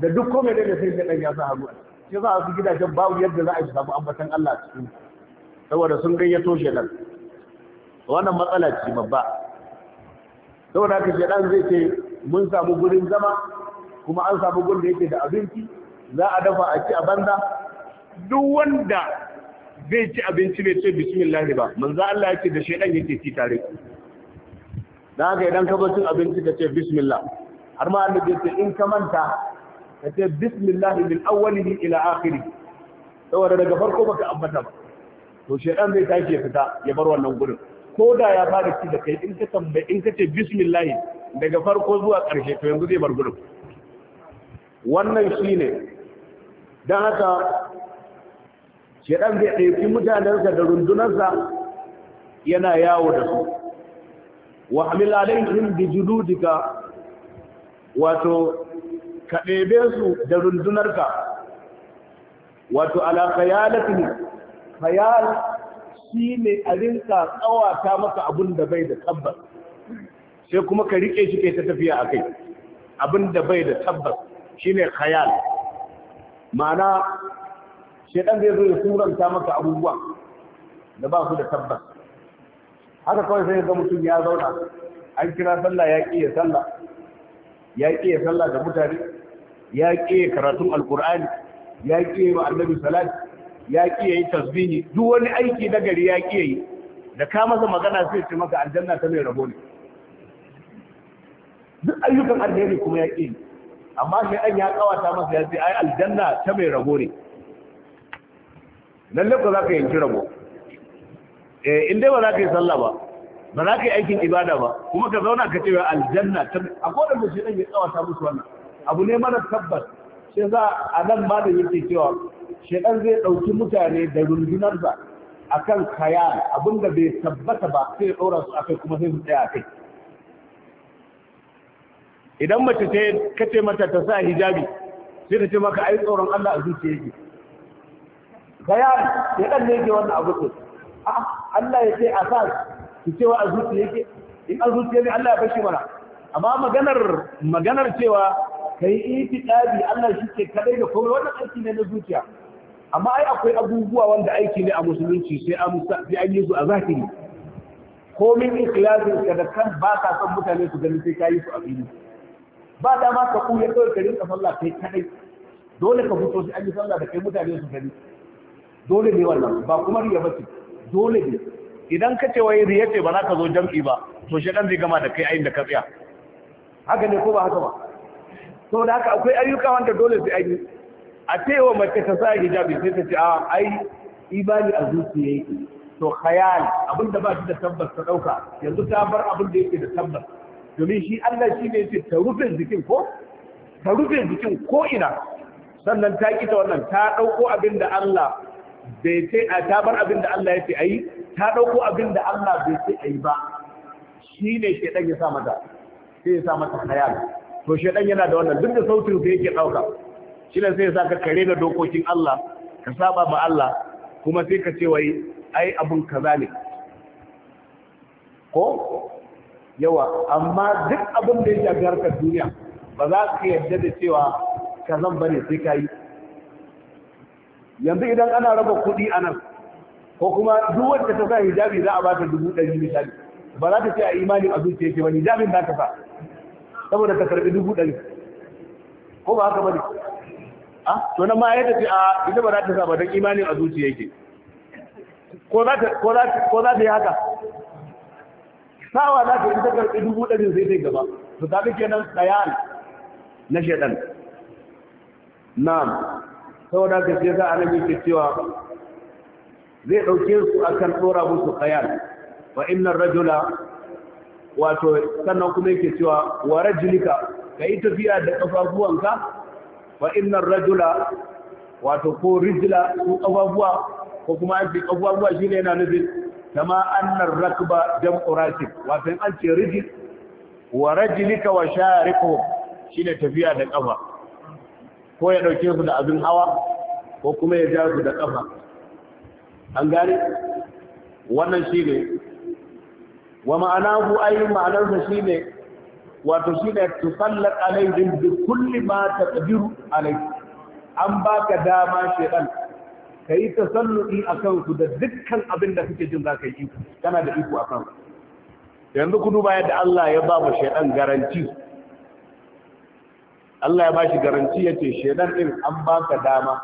da duk komai da sai da dan ya sa hagu shi za a su gidajen babu yadda za a yi samu ambatan Allah cikin saboda sun gayyato shi nan wannan matsala ce babba saboda ka shedan zai ce mun samu gurin zama kuma an samu gurin da yake da abinci za a dafa a ci a banza duk wanda zai ci abinci ne ce bismillah ba manzo Allah yake da shedan yake ci tare da haka idan ka bacin abinci ka ce bismillah har ma annabi ce in ka manta ka ce bismillah min awwalihi ila akhiri saboda daga farko baka ambata ba to shedan zai tashi ya fita ya bar wannan gurin ko da ya fara ci da kai in ka tambaye in ka ce bismillah daga farko zuwa ƙarshe to yanzu zai bar gurin wannan shine dan haka shedan zai ɗauki mutanensa da rundunarsa yana yawo da su wa dai in bi juludika wato ka ɗebe su da rundunarka wato ala khayalatin khayal shi ne a rinka tsawata maka abin da bai da tabbas sai kuma ka riƙe shi kai ta tafiya a kai abin da bai da tabbas shi ne khayal ma'ana shaidan zai zo ya suranta maka abubuwa da ba su da tabbas haka kawai sai ga mutum ya zauna an kira sallah ya kiye sallah ya kiye sallah da mutane ya kiye karatun Alkur'ani, ya kiye wa annabi salat ya kiye yi tasbihi duk wani aiki na gari ya kiye yi da ka masa magana sai ce maka aljanna ta mai rabo ne duk ayyukan alheri kuma ya kiye, amma shi an ya kawata masa ya ce ai aljanna ta mai rabo ne lalle ko za ka yanki rabo inda eh, in dai ba za ka yi sallah ba ba za ka yi aikin ibada ba kuma ka zauna ka cewa aljanna ta a kodan da shi dan ya tsawata musu wannan abu ne mara tabbas sai za a nan ba da yake cewa shedan zai ɗauki mutane da rundunarsa akan kaya abinda bai tabbata ba sai ya dora su akai kuma sai su tsaya akai idan mace ta kace mata ta sa hijabi sai ta ce maka ai tsoron Allah a zuciya yake Kaya ya dan ne ke wannan abu Allah ya ce a sa ki cewa a zuci yake in an zuciya ne Allah ya bashi mana amma maganar maganar cewa kai itiqadi Allah shi ke kada da komai wannan aiki ne na zuciya amma ai akwai abubuwa wanda aiki ne a musulunci sai an sai an yi su a zahiri komin ikhlasin ka da kan ba ka son mutane su gani sai kai yi su a fili ba ma ka kuya kawai ka rinka sallah kai kadai dole ka fito sai an yi sallah da kai mutane su gani dole ne wannan ba kuma riya bace dole ne idan ka ce wai riya ce ba za ka zo jam'i ba to shi zai gama da kai ayin da ka tsaya haka ne ko ba haka ba to da haka akwai ayyuka wanda dole sai ayi a cewa mace ta sa hijabi sai ta ce a ai imani a zuciya yake to khayal abin da ba shi da tabbas ta dauka yanzu ta bar abin da yake da tabbas domin shi Allah shi ne yake ta rufe jikin ko ta rufe jikin ko ina sannan ta kita wannan ta dauko abin da Allah bai ce a ta bar abin da Allah ya ce a yi ta ɗauko abin da Allah bai ce a yi ba shi ne shaidan ya sa mata sai ya sa mata hayal to ɗan yana da wannan duk da sautin sai yake ɗauka shi ne sai ya sa ka kare da dokokin Allah ka saba ma Allah kuma sai ka ce wai ai abun kaza ne ko yawa amma duk abin da ya shafi harkar duniya ba za ka yarda da cewa kazan zan bane sai ka yi yanzu idan ana raba kuɗi a nan ko kuma duk wanda ta sa hijabi za a ba ta dubu ɗari misali ba za ta ce a imanin a zuciya ke ba hijabin za ta sa saboda ta karɓi dubu ɗari ko ba haka ba ne a to nan ma yadda ce a ita ba za ta sa ba don imanin a zuciya ke ko za ta yi haka sawa za ta yi ta karɓi dubu ɗari sai ta gaba to ta fi kenan ɗaya na shaɗan na'am saboda ka sai za a nabi yake cewa zai ɗauke su a kan ɗora musu khayal wa innar rajula wato sannan kuma yake cewa wa rajulika ka yi tafiya da ƙafafuwanka wa innar rajula wato ko rijila su ƙafafuwa ko kuma an ce ƙafafuwa shi ne yana nufin kama annar rakba jam'u rasik wato an ce rijil wa rajulika wa shi shine tafiya da ƙafa ko ya ɗauke su da abin hawa ko kuma ya ja su da ƙafa an gane wannan shi ne wa ma'anahu ai ma'anarsa shi ne wato shi ne tusallat alaihim bi kulli ma taqdiru alayhi an baka dama shedan kai tasalluti akan ku da dukkan abin da kake jin zaka yi kana da iko akan yanzu ku duba yadda Allah ya ba mu shedan garanti Allah ya bashi garanti ya ce shedan din an baka dama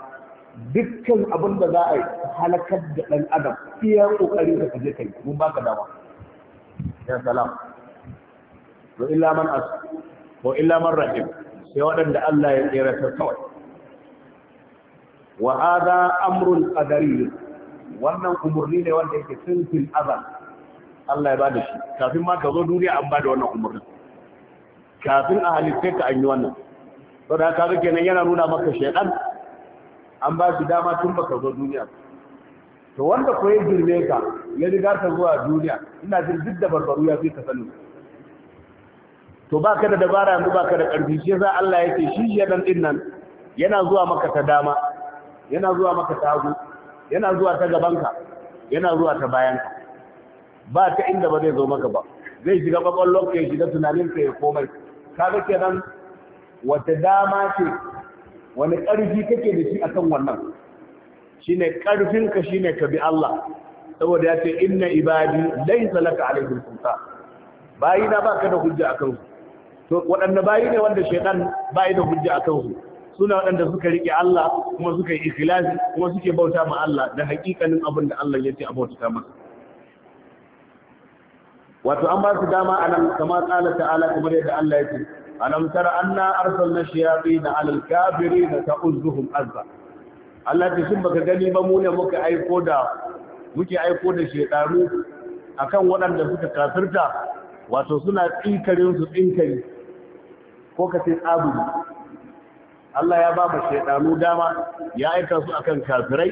dukkan abin da za a yi halakar da ɗan adam iya ƙoƙarin da kaje kai mun baka dama ya salam Wa illa man as Wa illa man rahim sai waɗanda Allah ya tsira ta kawai wa hada amrul qadari wannan umurni ne wanda yake tun fil azal Allah ya bada shi kafin ma ka zo duniya an bada wannan umurni kafin a halitta ka an yi wannan to ka zuke kenan yana nuna maka shaidan, an ba shi dama tun baka zo duniya to wanda ko ya girme ka ya riga ta zuwa duniya ina jin duk da barbaru ya fi ka sanin to baka da dabara yanzu baka da karfi shi yasa Allah yake shi shaydan din nan yana zuwa maka ta dama yana zuwa maka ta hagu yana zuwa ta gabanka yana zuwa ta bayanka ba ta inda ba zai zo maka ba zai shiga kwakwallon ka ya shiga tunanin ka ya komai kaga kenan wata dama ce wani ƙarfi kake da shi akan wannan Shi ne ƙarfinka shi ne ka bi Allah saboda ya ce inna ibadi laysa laka alaihim sultan bayi na baka da hujja akan su to waɗanne bayi ne wanda shaytan bayi da hujja akan su suna waɗanda suka rike Allah kuma suka yi ikhlasi kuma suke bauta ma Allah da hakikanin abin da Allah ya ce a bauta masa wato an ba su dama anan kamar Allah ta'ala kamar yadda Allah ya ce alam tara anna arsalna shayatin ala alkafirin ta'uzuhum azza Allah ta sun baka gani ba mu ne muka aiko da muke aiko da shedaru akan waɗanda suka kafirta wato suna tsinkarin su tsinkari ko ka ce tsabu Allah ya ba mu shedanu dama ya aika su akan kafirai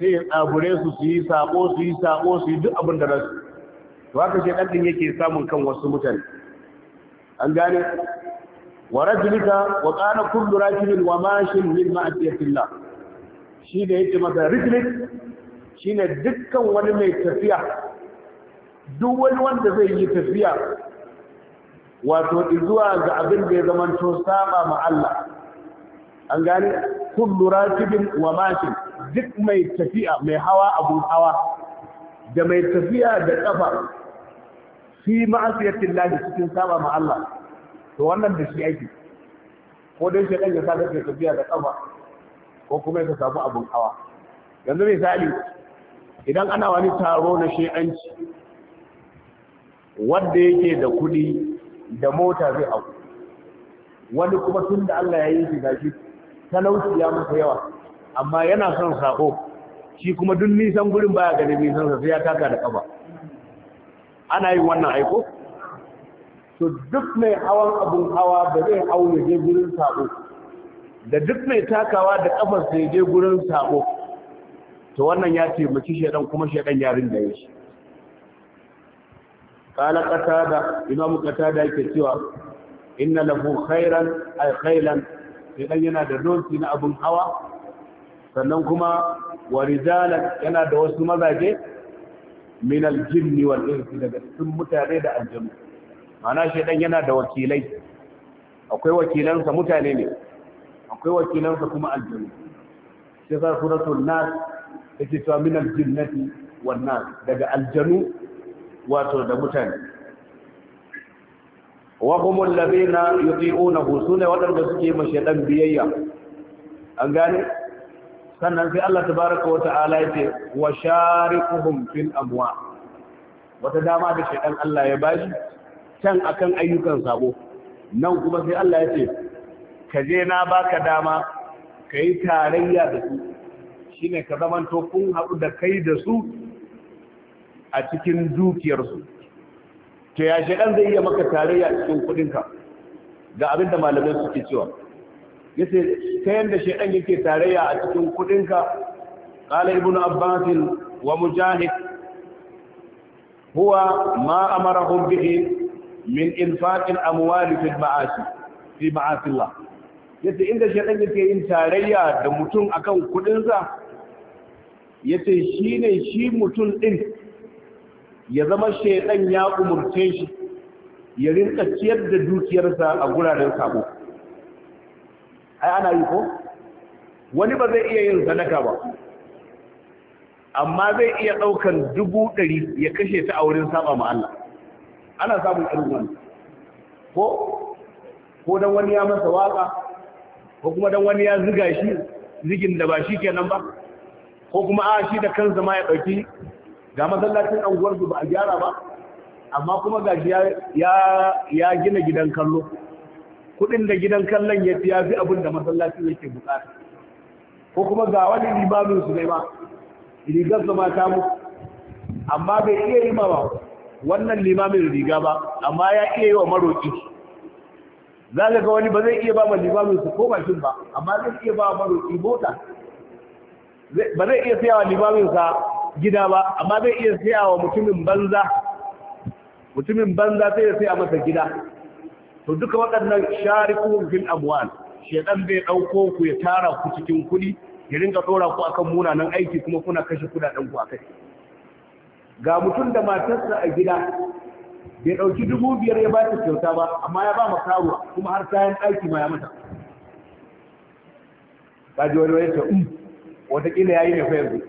sai ya tsabure su su yi sako su yi sako su yi duk abin da rasu to haka shedan din yake samun kan wasu mutane an gane wa rajulika wa qala kullu rajulin wa mashin min ma'asiyatillah shi da yake masa rijlik shine dukkan wani mai tafiya duk wani wanda zai yi tafiya wato zuwa ga abin da ya zamanto saba ma Allah an gane kullu rakibin wa duk mai tafiya mai hawa abun hawa da mai tafiya da kafa fi ma'asiyatin lahi cikin saba ma Allah to wannan da shi aiki ko dai shi ya sa kake tafiya da kafa ko kuma ya samu abun hawa yanzu misali idan ana wani taro na shi'anci wanda yake da kuɗi da mota zai hau wani kuma tun da Allah ya yi shi gashi talauci ya masa yawa amma yana son sako shi kuma duk nisan gurin baya ganin nisan sa sai ya taka da kafa ana yin wannan aiko to duk mai hawan abun hawa da zai hau ya je gurin sabo da duk mai takawa da kafar sai je gurin sabo to wannan ya taimaki shedan kuma shedan yarin da yake ina mu imam da yake cewa inna lahu khairan ay khailan idan yana da donki na abun hawa sannan kuma wa rijalan yana da wasu mazaje min al-jinni wal insi daga cikin mutane da aljannu ma'ana shaidan yana da wakilai akwai wakilansa mutane ne akwai wakilansa kuma aljanu sai sa suratul nas da ke min aljinnati wan nas daga aljanu wato da mutane wa humul ladina yuti'unahu sune waɗanda suke ma shaidan biyayya an gane sannan sai Allah tabaraka wa ta'ala yake wa sharikuhum fil amwa wata dama da shaidan Allah ya bashi can akan ayyukan sabo nan kuma sai Allah ya ce ka je na baka dama ka yi tarayya da su shine ka zamanto kun haɗu da kai da su a cikin dukiyarsu to ya shaɗan zai iya maka tarayya a cikin kuɗinka ga abin da malamai suke cewa ya ce ta yadda shaɗan yake tarayya a cikin kuɗinka ƙala ibn abbasin wa mujahid huwa ma amarahum bihi min infaqil amwali fil ma'asi fi ma'asi Allah yace inda shedan yake yin tarayya da mutum akan kudin sa yace shine shi mutum din ya zama shedan ya umurce shi ya rinka ciyar da dukiyarsa a guraren sabo ai ana yi ko wani ba zai iya yin sadaka ba amma zai iya ɗaukan dubu ɗari ya kashe ta a wurin saba ma Allah ana samun irin wani ko ko dan wani ya masa waka ko kuma dan wani ya ziga shi zigin da ba shi kenan ba ko kuma a shi da kansa ma ya dauki ga masallacin anguwar ba a gyara ba amma kuma ga shi ya gina gidan kallo kudin da gidan kallon ya fi yafi abin da masallacin yake bukata ko kuma ga wani limamin su ne ma rigar zama ta mu amma bai iya yi ma ba wannan limamin riga ba amma ya iya yi wa maroƙi za ka ga wani ba zai iya ba ma limamin su ko mashin ba amma zai iya ba maroƙi mota ba zai iya siya wa limamin sa gida ba amma zai iya siya wa mutumin banza mutumin banza sai ya siya masa gida to duka waɗannan sharikun fil amwal shedan bai dauko ku ya tara ku cikin kuɗi ya rinka tsora ku akan munanan aiki kuma kuna kashe kuɗaɗen ku akai ga mutum da matarsa a gida bai ɗauki dubu biyar ya ba ta kyauta ba amma ya ba ma karuwa kuma har kayan ɗaki ma ya mata ba ji wani wani ta'um watakila ya yi ne fayar zai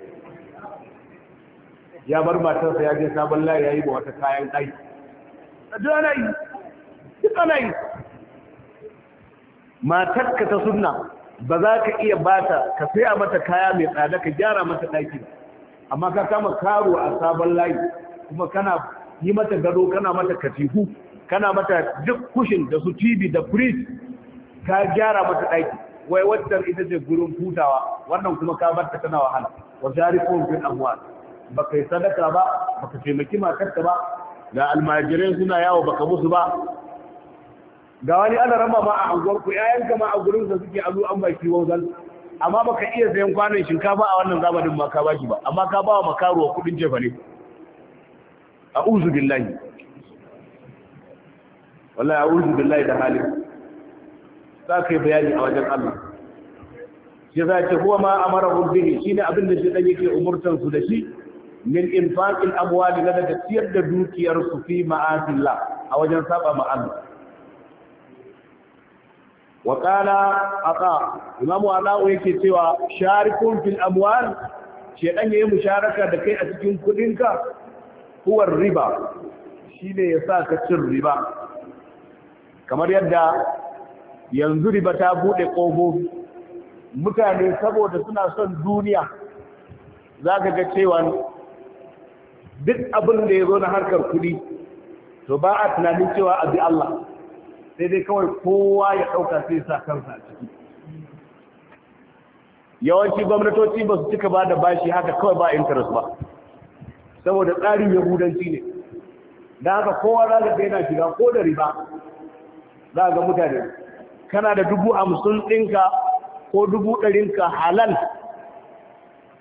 ya bar matarsa ya je sabon layi ya yi ba wata kayan ɗaki a ji ana yi duk ana yi matarka ta sunna ba za ka iya bata ka saya mata kaya mai tsada ka gyara mata ɗaki ba amma ka kama karo a sabon layi kuma kana yi mata gado kana mata katihu kana mata duk kushin da su tibi da fridge ka gyara mata daiki wai waccan ita ce gurin hutawa wannan kuma ka barta tana wahala wa zarifun bin amwal baka yi sadaka ba baka taimaki matarka ba da almajirai suna yawo baka musu ba ga wani ana rama ma a anguwar ku ƴaƴanka ma a gurin sa suke azu an baki wazal amma baka iya sayan kwanon shinkafa a wannan zamanin ma ka baki ba amma ka ba wa makaruwa kudin jefa ne a uzu billahi wallahi a uzu billahi da halin za ka yi bayani a wajen Allah shi za ce kuwa ma amara hulbihi shi ne abin da shi dan yake umurtan su da shi min infaqil amwali na daga siyar da dukiyar su fi ma'asillah a wajen saba ma'asillah wa qala imamu alawo yake cewa sharikun fil amwal shedan yayi musharaka da kai a cikin kudin ka huwa riba shine yasa ka cin riba kamar yadda yanzu riba ta bude kofo mutane saboda suna son duniya zaka ga cewa duk abin da ya zo na harkar kudi to ba a tunanin cewa abi Allah sai dai kawai kowa ya ɗauka sai sa kansa a ciki yawanci gwamnatoci ba su cika ba da bashi haka kawai ba interest ba saboda tsarin yahudanci ne da haka kowa za ka yana shiga ko da riba za ga mutane kana da dubu hamsin ɗinka ko dubu ɗarinka halal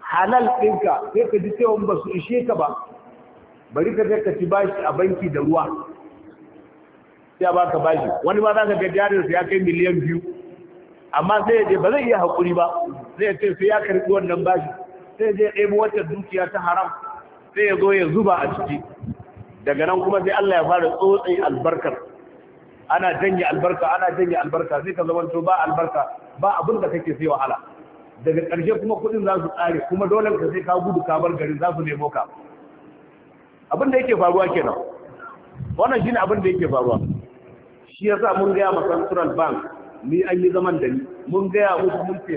halal ɗinka sai ka ji cewa ba su ishe ka ba bari ka ka ci bashi a banki da ruwa sai ba ka bashi wani ba za ka ga jarinsa ya kai miliyan biyu amma sai ya ba zai iya haƙuri ba zai ce sai ya karɓi wannan bashi sai je ɗebo wata dukiya ta haram sai ya zo ya zuba a ciki daga nan kuma sai Allah ya fara tsotsi albarkar ana janye albarka ana janye albarka sai ka to ba albarka ba abin da kake sai wahala daga ƙarshe kuma kuɗin za su tsare kuma dole ka sai ka gudu ka bar garin za su nemo ka abin da yake faruwa kenan wannan shine abin da yake faruwa shi ya sa mun gaya ma central bank ni an yi zaman da ni mun gaya musu mun ce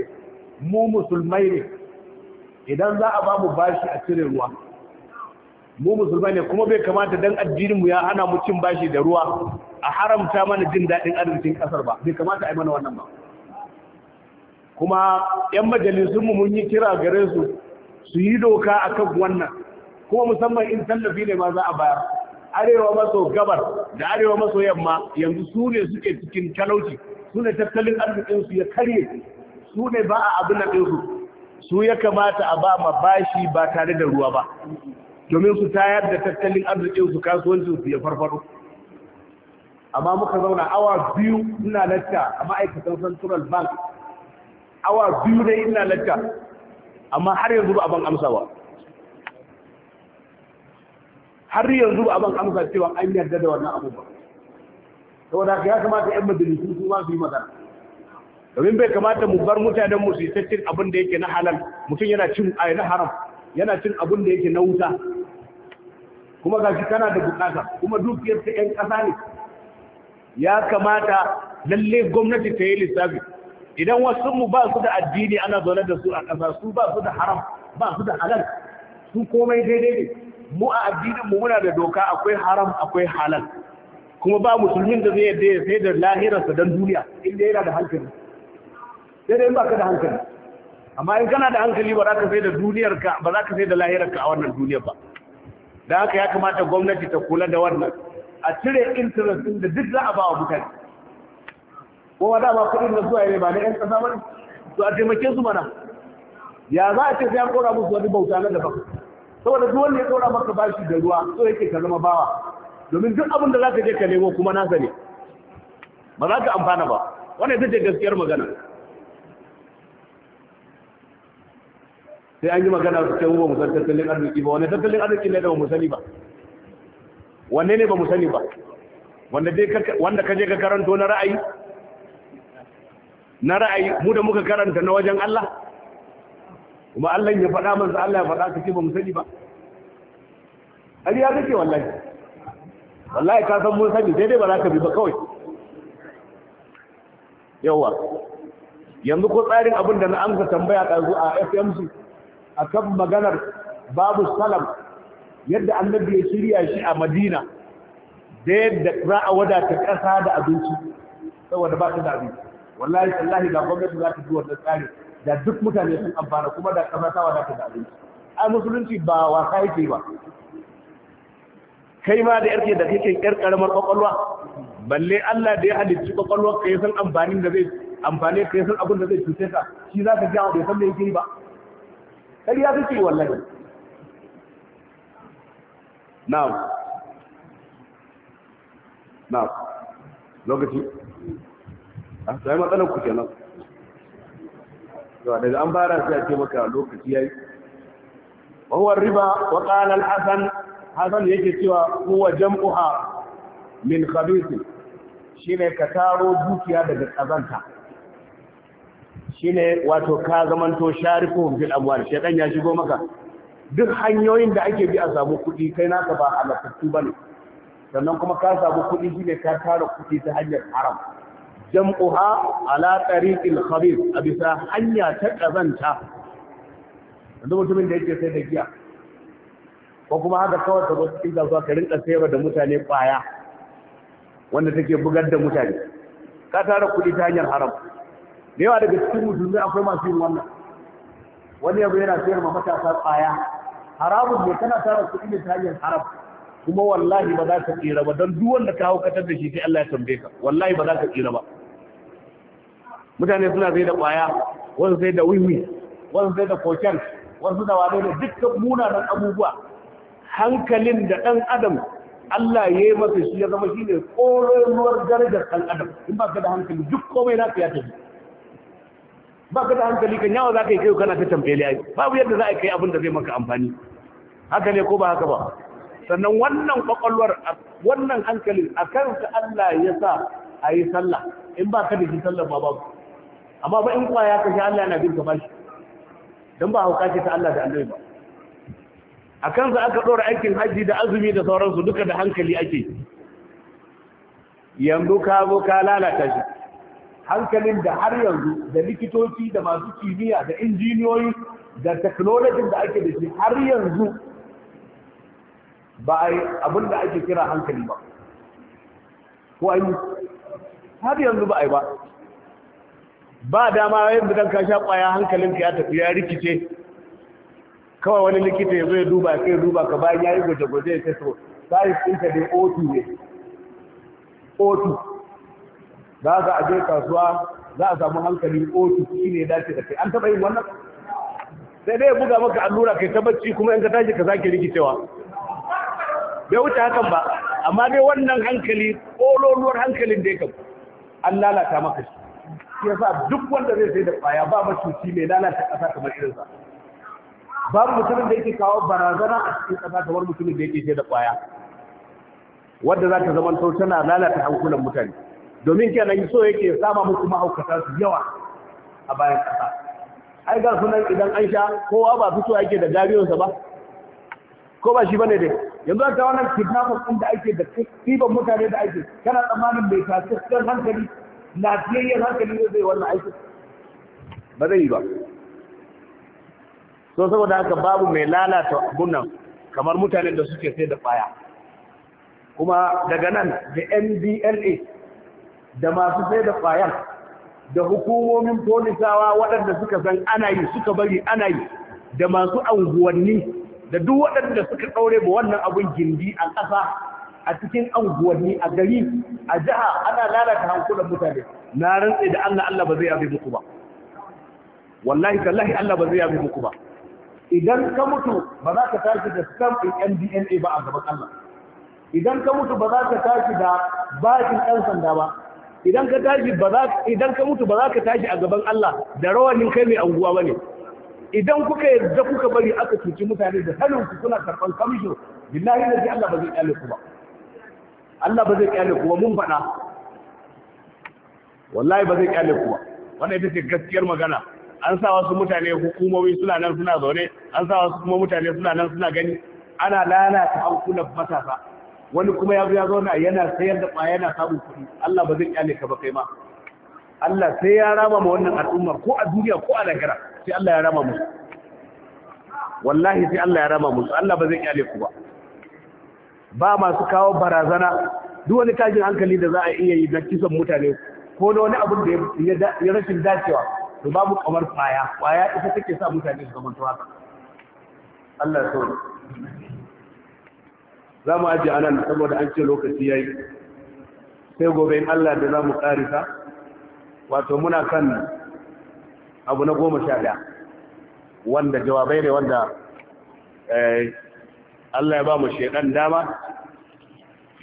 mu musulmai ne idan za a ba mu bashi a cire ruwa mu musulmai ne kuma bai kamata dan addinin mu ya hana mu cin bashi da ruwa a haramta mana jin daɗin arzikin ƙasar ba bai kamata a yi mana wannan ba kuma 'yan majalisunmu mun yi kira gare su su yi doka akan wannan kuma musamman in tallafi ne ma za a bayar arewa maso gabar da arewa maso yamma yanzu su ne suke cikin talauci su ne tattalin arzikinsu ya karye su ne ba a abin ɗinsu su ya kamata a ba ma bashi ba tare da ruwa ba domin su tayar da tattalin arzikinsu su ya farfaro. amma muka zauna awa biyu ina latta a ma'aikatan central bank awa biyu dai ina latta amma har yanzu ba a ban amsa ba har yanzu ba ban amsa cewa an yarda da wannan abu ba saboda ya kamata yan majalisu su ma su yi magana domin bai kamata mu bar mutanen mu su ta cin abin da yake na halal mutum yana cin ayi na haram yana cin abin da yake na wuta kuma ga shi kana da bukata kuma dukiyar ta yan kasa ne ya kamata lalle gwamnati ta yi lissafi idan wasu mu ba su da addini ana zaune da su a kasa su ba su da haram ba su da halal su komai daidai ne mu a addinin mu muna da doka akwai haram akwai halal kuma ba musulmin da zai yadda ya sai da lahirarsa don duniya inda yana da hankali sai dai ba ka da hankali amma in kana da hankali ba za ka sai da duniyar ka ba za ka sai da lahirarka a wannan duniyar ba da haka ya kamata gwamnati ta kula da wannan a cire interest din da duk za a ba wa mutane ko da ba kuɗin na zuwa ne ba na yan ƙasa ba to a taimake su mana ya za a ce sai an ƙora musu wani bauta na daban saboda duk wanda ya tsora maka bashi da ruwa so yake ka zama bawa domin duk abin da za ka je ka nemo kuma na ne ba za ka amfana ba wannan ita ce gaskiyar magana sai an yi magana su ce ba mu san tattalin arziki ba wani tattalin arziki ne da ba mu sani ba wanne ne ba mu sani ba wanda dai wanda kaje ka karanto na ra'ayi na ra'ayi mu da muka karanta na wajen Allah kuma Allah ya faɗa manzo Allah ya faɗa kace ba mu sani ba ya kace wallahi wallahi ka san mun sani daidai ba za ka bi ba kawai yawa yanzu ko tsarin abin da na amsa tambaya ɗazu a fmc a kan maganar babu salam yadda annabi ya shirya shi a madina da yadda za a wadata ƙasa da abinci saboda ba ta da abinci wallahi tallahi ga gwamnati za ta ji wannan tsarin da duk mutane sun amfana kuma da ƙasa sawa da ta abinci ai musulunci ba wasa ke ba kai ma da yarke da kake yar karamar kwakwalwa balle Allah da ya halicci kwakwalwar ka ya san amfanin da zai amfane ka ya san abin da zai cuce ka shi za ka da bai san da yake ba kariya kake wallahi na'am na'am lokaci a ah, sai matsalar ku kenan daga an fara sai a maka lokaci yayi wa huwa riba wa qala al-hasan hasan yake cewa huwa jam'uha min khabith shine ka taro dukiya daga kazanta shine wato ka zamanto sharifu fil amwal shedan ya shigo maka duk hanyoyin da ake bi a samu kuɗi kai naka ba halattatu bane sannan kuma ka samu kuɗi shine ka tara kuɗi ta hanyar haram jam'uha ala tariqil khabir a bisa hanya ta kazanta yanzu mutumin da yake sai da giya ko kuma haka kawai ta wasu cikin zuwa ka rinka sayar da mutane kwaya wanda take bugar da mutane ka tara kuɗi ta hanyar haram da yawa daga cikin musulmi akwai masu yin wannan wani yabo yana sayar ma matasa kwaya haramun ne kana tara kuɗi ne ta hanyar haram kuma wallahi ba za ka tsira ba don duk wanda ka katar da shi sai Allah ya tambaye ka wallahi ba za ka tsira ba mutane suna zai da ƙwaya wasu zai da wiwi wasu zai da koken wasu da wane da dukkan munanan abubuwa hankalin da ɗan adam Allah ya yi masa shi ya zama shi ne ƙoremuwar darajar ɗan adam in ba ka da hankali duk komai na ya tafi ba ka da hankali kan yawa za ka yi kai kana ta tambayi ai babu yadda za a kai abin da zai maka amfani haka ne ko ba haka ba sannan wannan kwakwalwar wannan hankalin a kansa Allah ya sa a yi sallah in ba ka da shi sallah ba babu amma ba in kwaya ka sha Allah yana bin ka bashi don ba hauka ce ta Allah da Allah ba a kansa aka ɗora aikin hajji da azumi da sauransu duka da hankali ake yanzu ka zo ka lalata shi hankalin da har yanzu da likitoci da masu kimiyya da injiniyoyi da teknolojin da ake da shi har yanzu ba a yi abin da ake kira hankali ba ko a har yanzu ba a yi ba ba dama yin kan ka sha kwaya hankalinka ya tafi ya rikice kawai wani likita ya zo ya duba kai duba ka bayan ya yi gwaje-gwaje ya ce so sayis ɗinka dai otu ne otu za a je kasuwa za a samu hankali otu shi ne dace da kai an taɓa yin wannan sai dai ya buga maka allura kai ta kuma in ka tashi ka sake rikicewa bai wuce hakan ba amma dai wannan hankali ƙololuwar hankalin da ya an lalata maka shi shi yasa duk wanda zai sai da kwaya ba macuci mai lalata ƙasa kamar irinsa babu mutumin da yake kawo barazana a cikin ƙasa kamar mutumin da yake sai da kwaya Wanda za ta zamanto tana lalata hankulan mutane domin kenan so yake sama musu mahaukata su yawa a bayan ƙasa ai ga sunan idan an sha kowa ba fito yake da gariyonsa ba ko ba shi bane dai yanzu an ta wannan kidnappers din da ake da kiban mutane da ake kana tsammanin mai tasirin hankali lafiyayyar hankali ne zai wannan aikin ba zai yi ba so saboda haka babu mai lalata abunan kamar mutanen da suke sai da baya kuma daga nan da ndla da masu sai da baya da hukumomin polisawa waɗanda suka san ana yi suka bari ana yi da masu anguwanni da duk waɗanda suka ɗaure ba wannan abin gindi a ƙasa a cikin anguwanni a gari a jiha ana lalata hankulan mutane na rantsi da Allah Allah ba zai yabe muku ba wallahi tallahi Allah ba zai yabe muku ba idan ka mutu ba za ka tashi da stamp ɗin MDNA ba a gaban Allah idan ka mutu ba za ka tashi da bakin ɗan sanda ba idan ka tashi ba za idan ka mutu ba za ka tashi a gaban Allah da rawanin kai mai anguwa ne. idan kuka yarda kuka bari aka cuci mutane da sanin ku kuna karban kamisho billahi da Allah ba zai kyale ku ba Allah ba zai kyale kuwa mun faɗa wallahi ba zai kyale kuwa wannan ita ce gaskiyar magana an sa wasu mutane hukumomi suna nan suna zaune an sa wasu kuma mutane suna nan suna gani ana lalata hankulan matasa wani kuma ya ya zauna yana sayar da ba yana samun kuɗi Allah ba zai kyale ka ba kai ma Allah sai ya rama ma wannan al'umma ko a duniya ko a nagara sai Allah ya rama musu wallahi sai Allah ya rama musu Allah ba zai kyale ku ba ba masu kawo barazana duk wani tashin hankali da za a iya yi na kisan mutane ko da wani abin da ya rashin dacewa to babu kamar kwaya kwaya ita take sa mutane su zamanto haka Allah so za mu ajiye anan saboda an ce lokaci ya yi sai gobe in Allah da za mu karisa wato muna kan abu na goma sha wanda jawabai ne wanda eh, Allah ya ba mu shaidan dama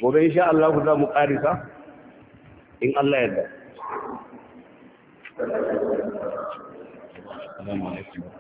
gobe insha Allah ku za mu karisa in Allah yarda Assalamu alaikum